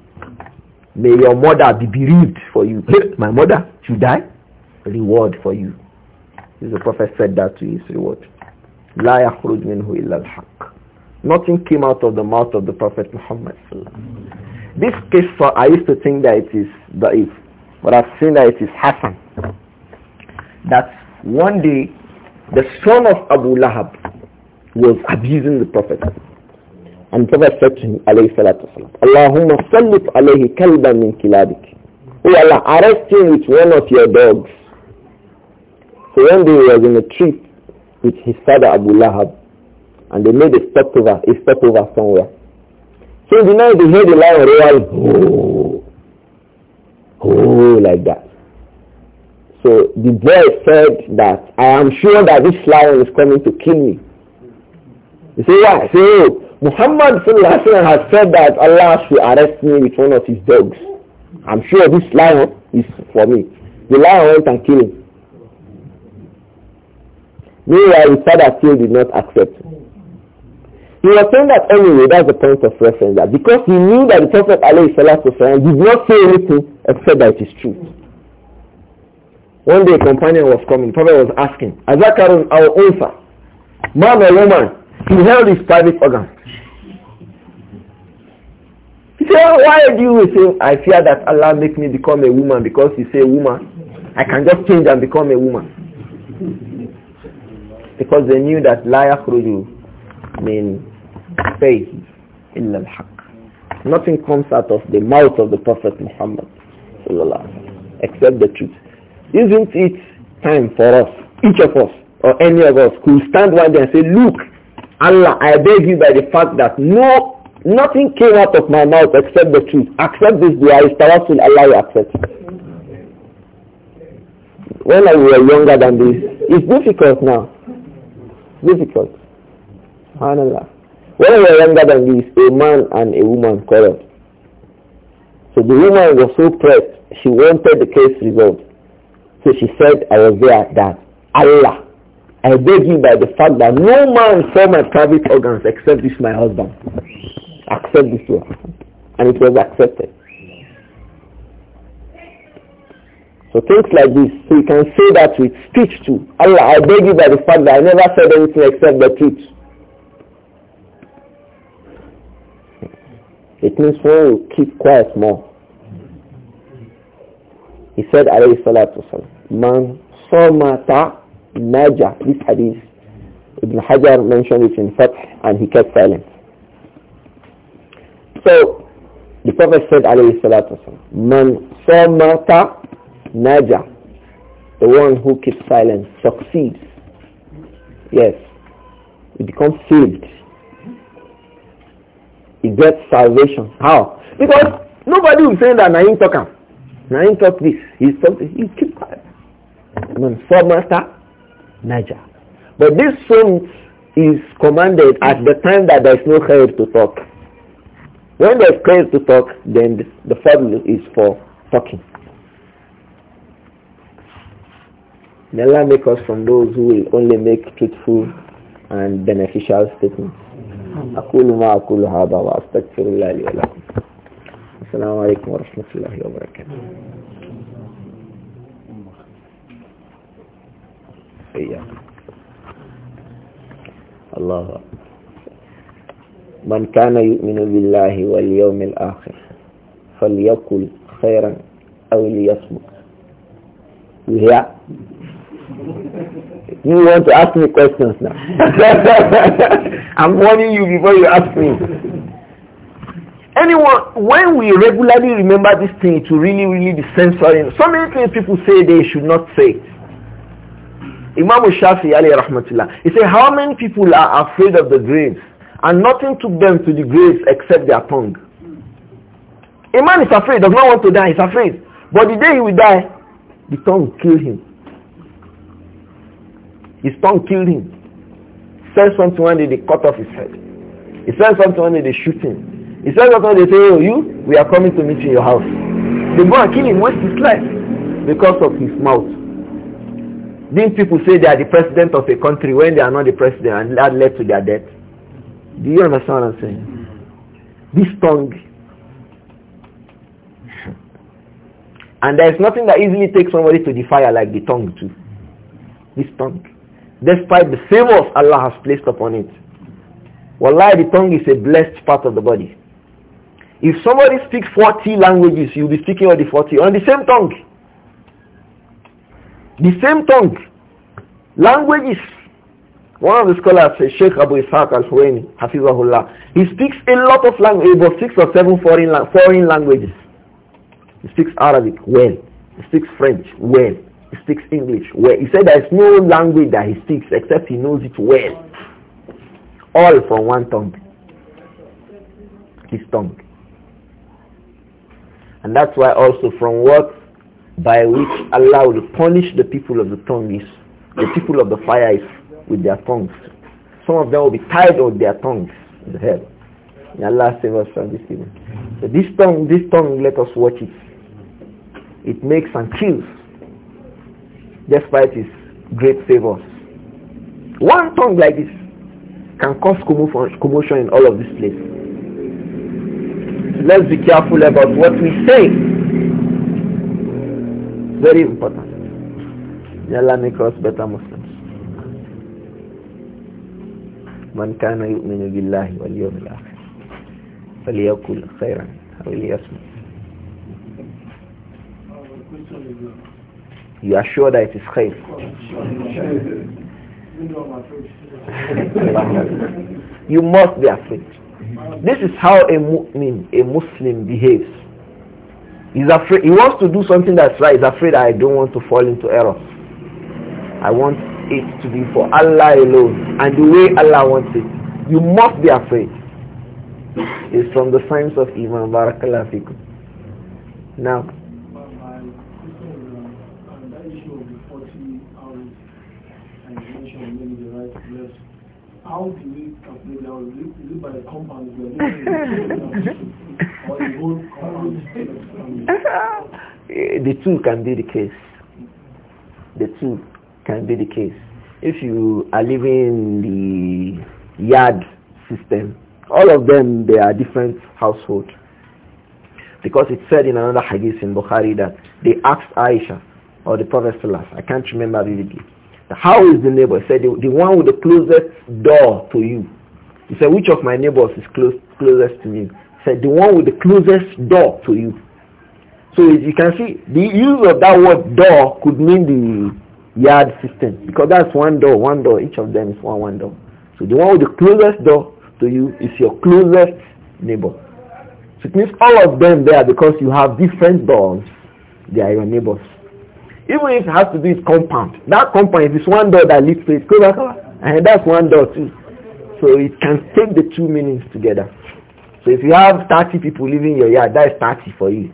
A: May your mother be bereaved for you. My mother should die. Reward for you. The Prophet said that to his reward. لا يخرج illa al الحق. Nothing came out of the mouth of the Prophet Muhammad This case, I used to think that it is da'if, but I've seen that it is Hassan. That one day the son of Abu Lahab was abusing the Prophet. And Prophet said to him, alayhi salatu wasalam, Allahumma sallit alayhi kalban min kilabik. Oh Allah, arrest him with one of your dogs. So one day he was in a trip with his father Abu Lahab and they made a stopover, a stopover somewhere. So in the night they heard the lion roar, oh, oh, like that. So the boy said that, I am sure that this lion is coming to kill me. He said, why? So Muhammad has said that Allah should arrest me with one of his dogs. I'm sure this lion is for me. The lion went and killed him. Meanwhile, his father still did not accept. He was saying that anyway, that's the point of reference, that because he knew that the Prophet ﷺ did not say anything except that it is true. One day a companion was coming. Prophet was asking, Azakarun our unsa, man or woman, he held his private organ. He said, why do you say, I fear that Allah make me become a woman because he say woman. I can just change and become a woman. Because they knew that la yakhruju means faith illa al-haq. Nothing comes out of the mouth of the Prophet Muhammad except the truth. Isn't it time for us, each of us, or any of us, to stand one day and say, look, Allah, I beg you by the fact that no, nothing came out of my mouth except the truth. Accept this dua, is tawassul, Allah will accept. When I was younger than this, it's difficult now. difficult. Subhanallah. When I was younger than this, a man and a woman quarreled. So the woman was so pressed, she wanted the case resolved. So she said, I was there that Allah, I beg you by the fact that no man saw my private organs except this my husband. Accept this one. And it was accepted. So things like this. So you can say that with speech too. Allah, I beg you by the fact that I never said anything except the truth. It means one will keep quiet more. He said, alayhi salatu wasalam. Man somata naja. This hadith, Ibn Hajar mentioned it in Fath and he kept silent. So, the Prophet said, alayhi salatu Man somata naja. The one who keeps silent succeeds. Yes. He becomes saved. He gets salvation. How? Because nobody will say that Naim talk him. Naim talk this. He's talking. He keep quiet. من master, major. but this one is commanded at the time that there is no khair to talk when there is khair to talk then the, the is for talking May Allah make us from those who will only make truthful and beneficial statements. أقول ما أقول هذا وأستغفر الله لي ولكم. السلام عليكم ورحمة الله وبركاته. وإياكم الله من كان يؤمن بالله واليوم الآخر فليقل خيرا أو ليصمت You You want to ask me questions now. I'm warning you before you ask me. Anyone, when we regularly remember this thing, to really, really be censoring. So many things people say they should not say. Imam Shafi Ali Rahmatullah, he said, how many people are afraid of the graves? And nothing took them to the graves except their tongue. A man is afraid, does not want to die, he's afraid. But the day he will die, the tongue will kill him. His tongue killed him. He said something one day they cut off his head. He said something one day they shoot him. He said something they say, oh you, we are coming to meet you in your house. They go and kill him, waste his life because of his mouth. These people say they are the president of a country when they are not the president and that led to their death. Do you understand what I'm saying? This tongue. And there is nothing that easily takes somebody to the fire like the tongue too. This tongue. Despite the favors Allah has placed upon it. Wallahi, the tongue is a blessed part of the body. If somebody speaks 40 languages, you'll be speaking all the 40 on the same tongue. The same tongue. Languages. One of the scholars, uh, Sheikh Abu Ishaq al-Huwaini, Hafizahullah, he speaks a lot of languages, eh, about six or seven foreign, foreign languages. He speaks Arabic well. He speaks French well. He speaks English well. He said there is no language that he speaks except he knows it well. All from one tongue. His tongue. And that's why also from what by which Allah will punish the people of the tongue is the people of the fire is with their tongues. Some of them will be tied on their tongues in the hell. May Allah save us from this evil. So this tongue, this tongue, let us watch it. It makes and kills, despite its great favors. One tongue like this can cause commotion in all of this place. Let's be careful about what we say. Very important. May Nikos, make us better Muslims. من كان يؤمن بالله واليوم الآخر You are sure that it is خير You must be afraid. This is how a mu'min, a Muslim behaves. He's afraid. He wants to do something that's right. He's afraid I don't want to fall into error. I want it to be for Allah alone and the way Allah wants it. You must be afraid. It's from the signs of Iman. Barakallah fikum. Now, how do we calculate that? Is it by the the compound? Eh, the two can be the case. The two can be the case. If you are living the yard system, all of them, they are different household. Because it said in another hadith in Bukhari that they asked Aisha, or the Prophet I can't remember vividly, how is the neighbor? He said, the, the one with the closest door to you. He said, which of my neighbors is close, closest to me? He said, the one with the closest door to you. So you can see the use of that word door could mean the yard system because that's one door, one door. Each of them is one one door. So the one with the closest door to you is your closest neighbor. So it means all of them there because you have different doors. They are your neighbors. Even if it has to do with compound, that compound is one door that leads to it. And that's one door too. So it can take the two meanings together. So if you have 30 people living in your yard, that is 30 for you.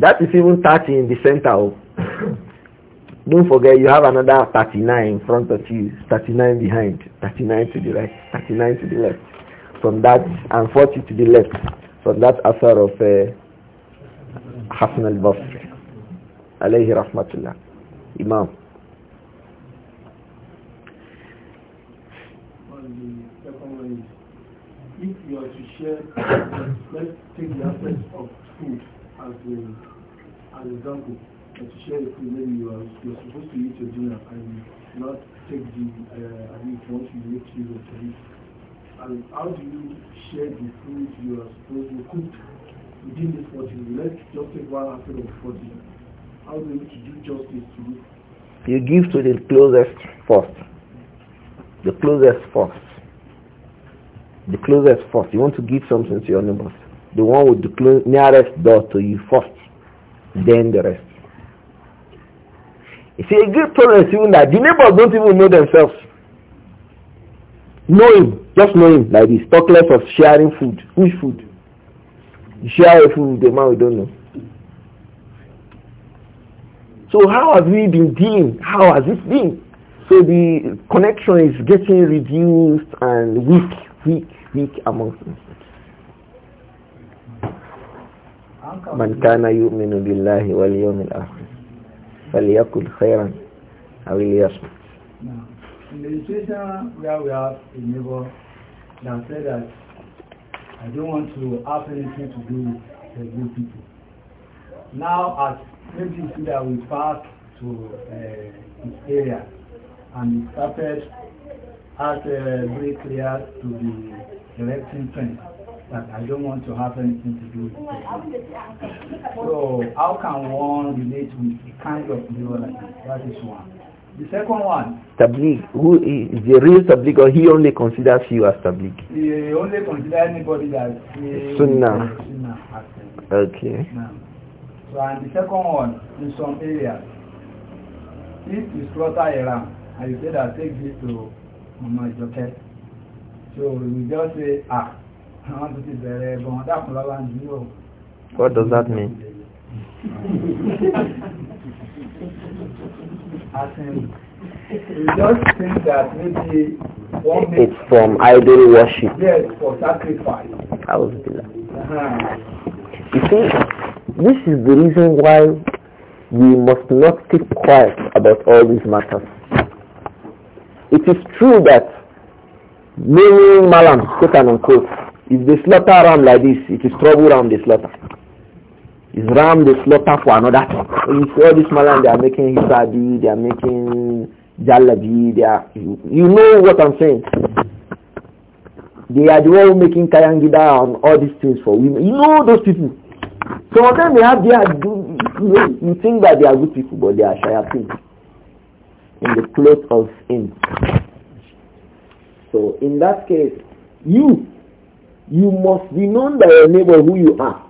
A: That is even 30 in the center. Oh. Don't forget you have another 39 in front of you, 39 behind, 39 to the right, 39 to the left. From that, and 40 to the left. From that asar of uh, Hassan al-Basri. Alayhi rahmatullah. Imam. If you are to share, let's take the aspect of food as a, an example that you share food, maybe you are you're supposed to eat your dinner and not take the uh, I mean once you make use of it. And how do you share the food you are supposed to cook within this 14? Let's just take one aspect of 14. How do you do justice to this? You give to the closest first. The closest first. The closest first. You want to give something to your neighbors the one with the nearest door to you first, then the rest. You see, a great tolerance even that the neighbors don't even know themselves. Know him, just know him like this. Talk less of sharing food. Which food? You share a food with the man we don't know. So how have we been dealing? How has it been? So the connection is getting reduced and weak, weak, weak amongst us. من In the situation where we have a neighbor that said that I don't want to have anything to do with the good people. Now, as maybe you see that we passed to uh, this area and we started as a uh, clear to the election fence that I don't want to have anything to do with it. So how can one relate with a kind of believer like this? That is one. The second one. Tabligh. Who is the real Tabligh or he only considers you as Tabligh? He only considers anybody that is Sunnah. Sunnah okay. Now, so and the second one, in some areas, if you slaughter a ram and you say that take this to Mama Joket, so we just say, ah, what does that mean? you think that It's from idol worship. Yes, for sacrifice. I was uh-huh. You see, this is the reason why we must not keep quiet about all these matters. It is true that many malam, quote and unquote, if they slaughter ram like this, it is trouble ram they slaughter. Is ram they slaughter for another time. you see all this malam, they are making hisabi, they are making jalabi, they are, you, you know what I'm saying they are the one making kayangida and all these things for women. You know those people. Some of them they have their you, know, you think that they are good people, but they are people. in the cloth of in. So in that case, you you must be known by your neighbor who you are.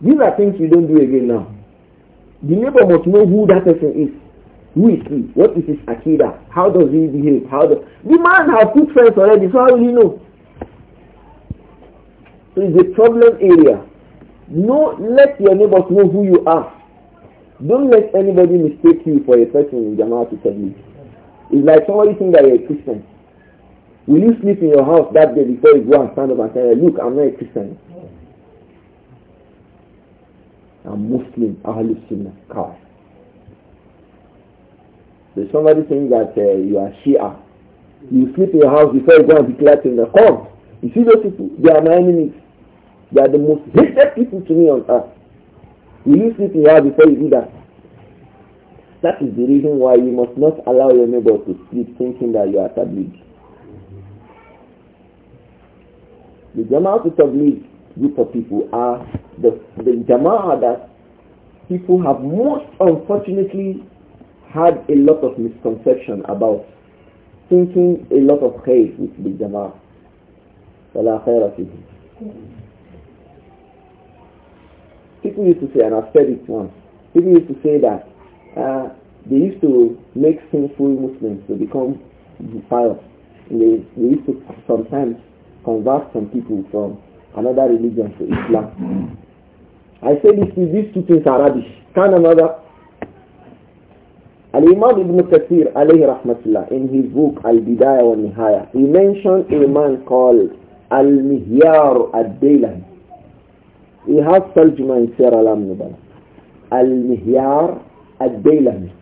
A: These are things we don't do again now. The neighbor must know who that person is. Who is he? What is his akida? How does he behave? How does the man have good friends already? So how will you know? So it's a problem area. No, let your neighbors know who you are. Don't let anybody mistake you for a person in Jamaat to It's like somebody think that you're a Christian. Will you sleep in your house that day before you go and stand up and say, look, I'm not a Christian. I'm Muslim, Ahlul Sunnah, Kafir. There's somebody saying that uh, you are Shia. You sleep in your house before you go and declare to the court. You see those people? They are my enemies. They are the most hated people to me on earth. Will you sleep in your house before you do that? That is the reason why you must not allow your neighbor to sleep thinking that you are tabligh. The Jama'at Tabligh group of people are the, the Jama'at that people have most unfortunately had a lot of misconception about thinking a lot of hate with the Jama'at. People used to say, and I've said it once, people used to say that uh, they used to make sinful Muslims to become pious. They, they used to sometimes convert some people from another religion to Islam. I say this, these two things are rubbish. Can another? Al-Imam Ibn Kathir alayhi rahmatullah in his book Al-Bidayah wa Nihaya, he mentioned a man called Al-Mihyar Ad-Daylan. He has Saljuma in Sierra Lam Al-Mihyar Ad-Daylan.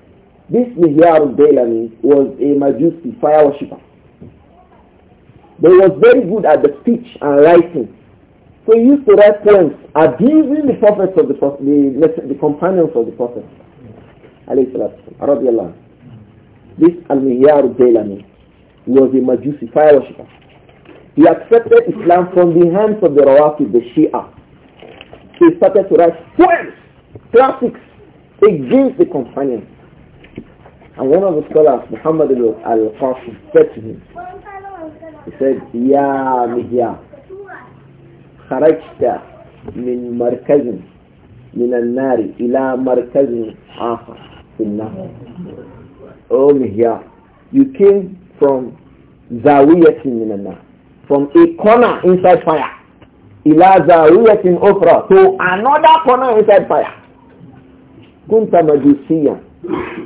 A: This Mihyar Ad-Daylan was a Majusi fire worshipper. But he was very good at the speech and writing. So he used to write poems abusing the prophets of the, the, the companions of the prophet. Yeah. This Al-Mihyar Jailani was a Majusi fire worshipper. He accepted Islam from the hands of the Rawafid, the Shia. So he started to write poems, classics, against the companions. And one of the scholars, Muhammad al-Qasim, said to him, he said, Ya Mihya, خرجت من مركز من النار إلى مركز آخر في النار. Oh Mihya, you came from zawiyatin min النار, from a corner inside fire, إلى زاوية أخرى to another corner inside fire. Kunta مجوسيا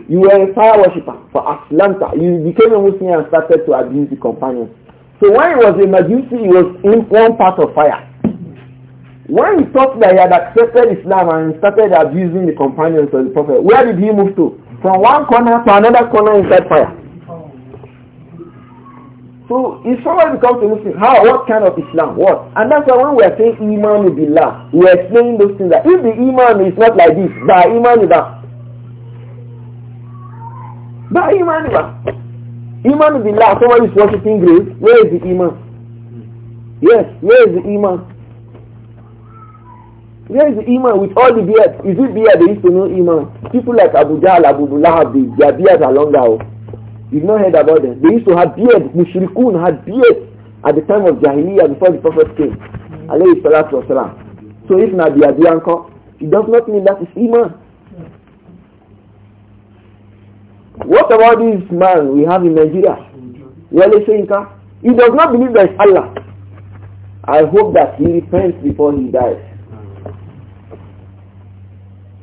A: You were a fire worshipper for Aslanta. You became a Muslim and started to abuse the companions. So when he was in Majusi, he was in one part of fire. When he thought that he had accepted Islam and started abusing the companions of the Prophet, where did he move to? From one corner to another corner inside fire. So if somebody becomes a Muslim, how, what kind of Islam, what? And that's why when we are saying Iman Billah, we are explaining those things that if the Iman is not like this, the Iman is that. The Iman is that. Iman Billah, somebody is worshipping grave, where is the Iman? Yes, where is the Iman? Where is the Iman with all the beard? Is it beard they used to know Iman? People like Abu Jahl, Abu the their beards are long now. Oh. You've not heard about them. They used to have beard. Mushrikun had beard at the time of Jahiliyyah before the Prophet came. Mm -hmm. So if Nabi Adiyanko, it does not mean that is Iman. What about this man we have in Nigeria? Yele Shinka. He does not believe there is Allah. I hope that he repents before he dies.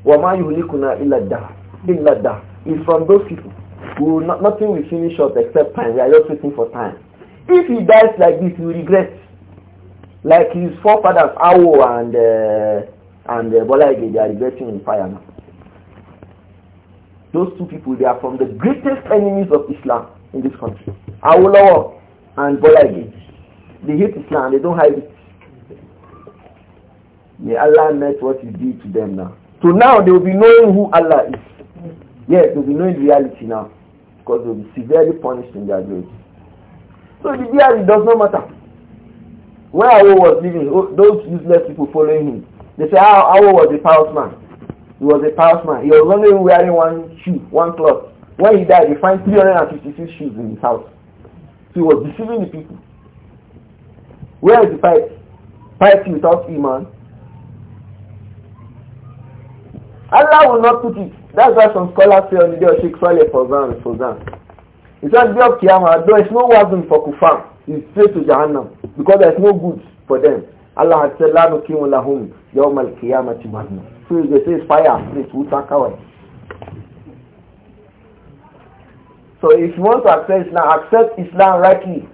A: وَمَا يُهْلِكُنَا إِلَّا الدَّهْرِ إِلَّا الدَّهْرِ from those people. who not, nothing will finish up except time. We are just waiting for time. If he dies like this, he will regret. Like his forefathers, Awo and uh, and uh, Bola Ege, they are regretting in fire now. Those two people, they are from the greatest enemies of Islam in this country. Awolowo and Bolaji. They hate Islam. They don't hide it. May Allah met what you did to them now. So now they will be knowing who Allah is. Yes, they will be knowing reality now. Because they will be severely punished in their graves. So the diary does not matter. Where Awo was living, oh, those useless people following him, they say ah, Awo was a powerful man. He was a pious man. He was only wearing one shoe, one cloth. When he died, he found 356 shoes in his house. So he was deceiving the people. Where is the piety? Pipe without iman. Allah will not put it. That's why some scholars say on the day of Sheikh Saleh, for example, for example. He said, day of Qiyamah, there is no wazn for kufan. It's straight to Jahannam because there is no good for them. Allah had said, يَوْمَ الْقِيَامَةِ So say, fire, please, away. So if you want to accept Islam, accept Islam rightly.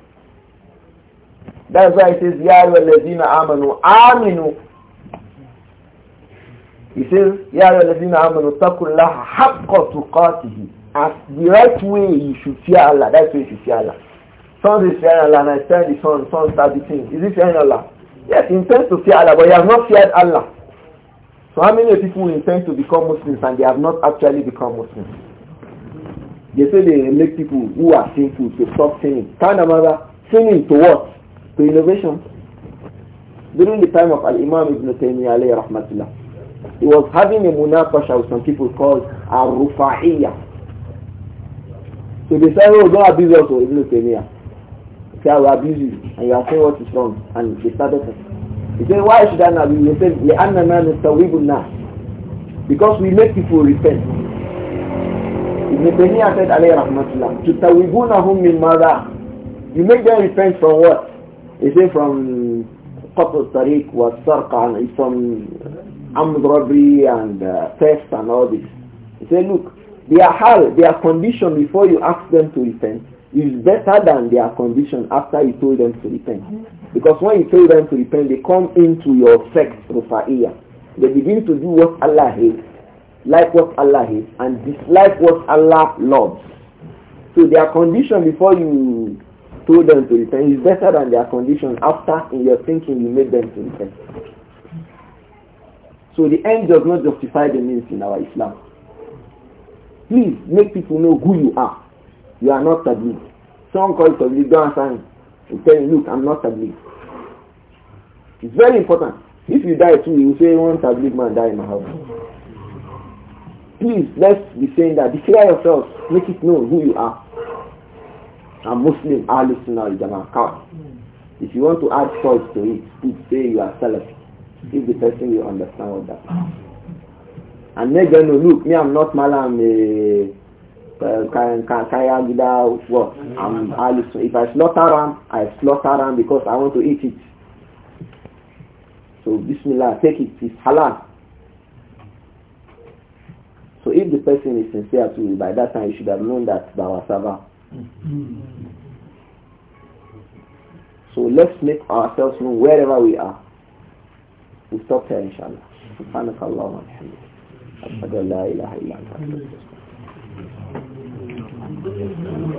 A: That's why it says, يَا أَيُّهَا الَّذِينَ Aminu. He says, يَا أَيُّهَا الَّذِينَ آمَنُوا اتَّقُوا اللَّهَ تُقَاتِهِ As the right way you should fear Allah, that's way you should fear Allah. Some is fear Allah and I stand the sun, son start the thing. Is it fearing Allah? Yes, he intends to fear Allah, but he has not feared Allah. So how many people intend to become Muslims and they have not actually become Muslims? They say they make people who are sinful to stop sinning. Kind of mother, sinning to what? To innovation. During the time of Al-Imam Ibn Taymiyyah alayhi rahmatullah, he was having a munakasha with some people called al rufaiyyah So they said, oh, don't abuse us, oh, Ibn Taymiyyah say oh, will abuse you and you are saying what is wrong and they started it. He said, why should I not be? He said, the لِأَنَّنَا نَسْتَوِيبُ now, Because we make people repent. Ibn Taymiyyah said, alayhi rahmatullah, تُتَوِيبُونَهُمْ مِنْ مَذَا You make them repent from what? He said from قطع الطريق والسرقة and from armed robbery and uh, theft and all this. He said, look, their hal, their condition before you ask them to repent is better than their condition after you told them to repent. Because when you tell them to repent, they come into your sect, Rufa'iyah. They begin to do what Allah hates, like what Allah hates, and dislike what Allah loves. So their condition before you told them to repent is better than their condition after in your thinking you made them to repent. So the end does not justify the means in our Islam. Please make people know who you are. You are not tabligh. Someone calls tabligh, don't answer him. He'll tell you, look, I'm not tabligh. It's very important. If you die too, you will say one tabligh man die in my house. Please, let's be saying that. Declare yourself. Make it known who you are. I'm Muslim, Ahlul Sunnah, Jama'ah, Kawai. If you want to add choice to it, please say you are Salafi. If the person you understand what that And make them know, look, me I'm not malam. I'm eh, uh, can, can carry without what? I'm, I, if I slaughter ram, I slaughter ram because I want to eat it. So Bismillah, take it. It's halal. So if the person is sincere to you, by that time you should have known that Bawasava. So let's make ourselves known wherever we are. we will stop here inshallah. سبحانك اللهم وبحمدك أشهد أن لا إله إلا أنت Gracias.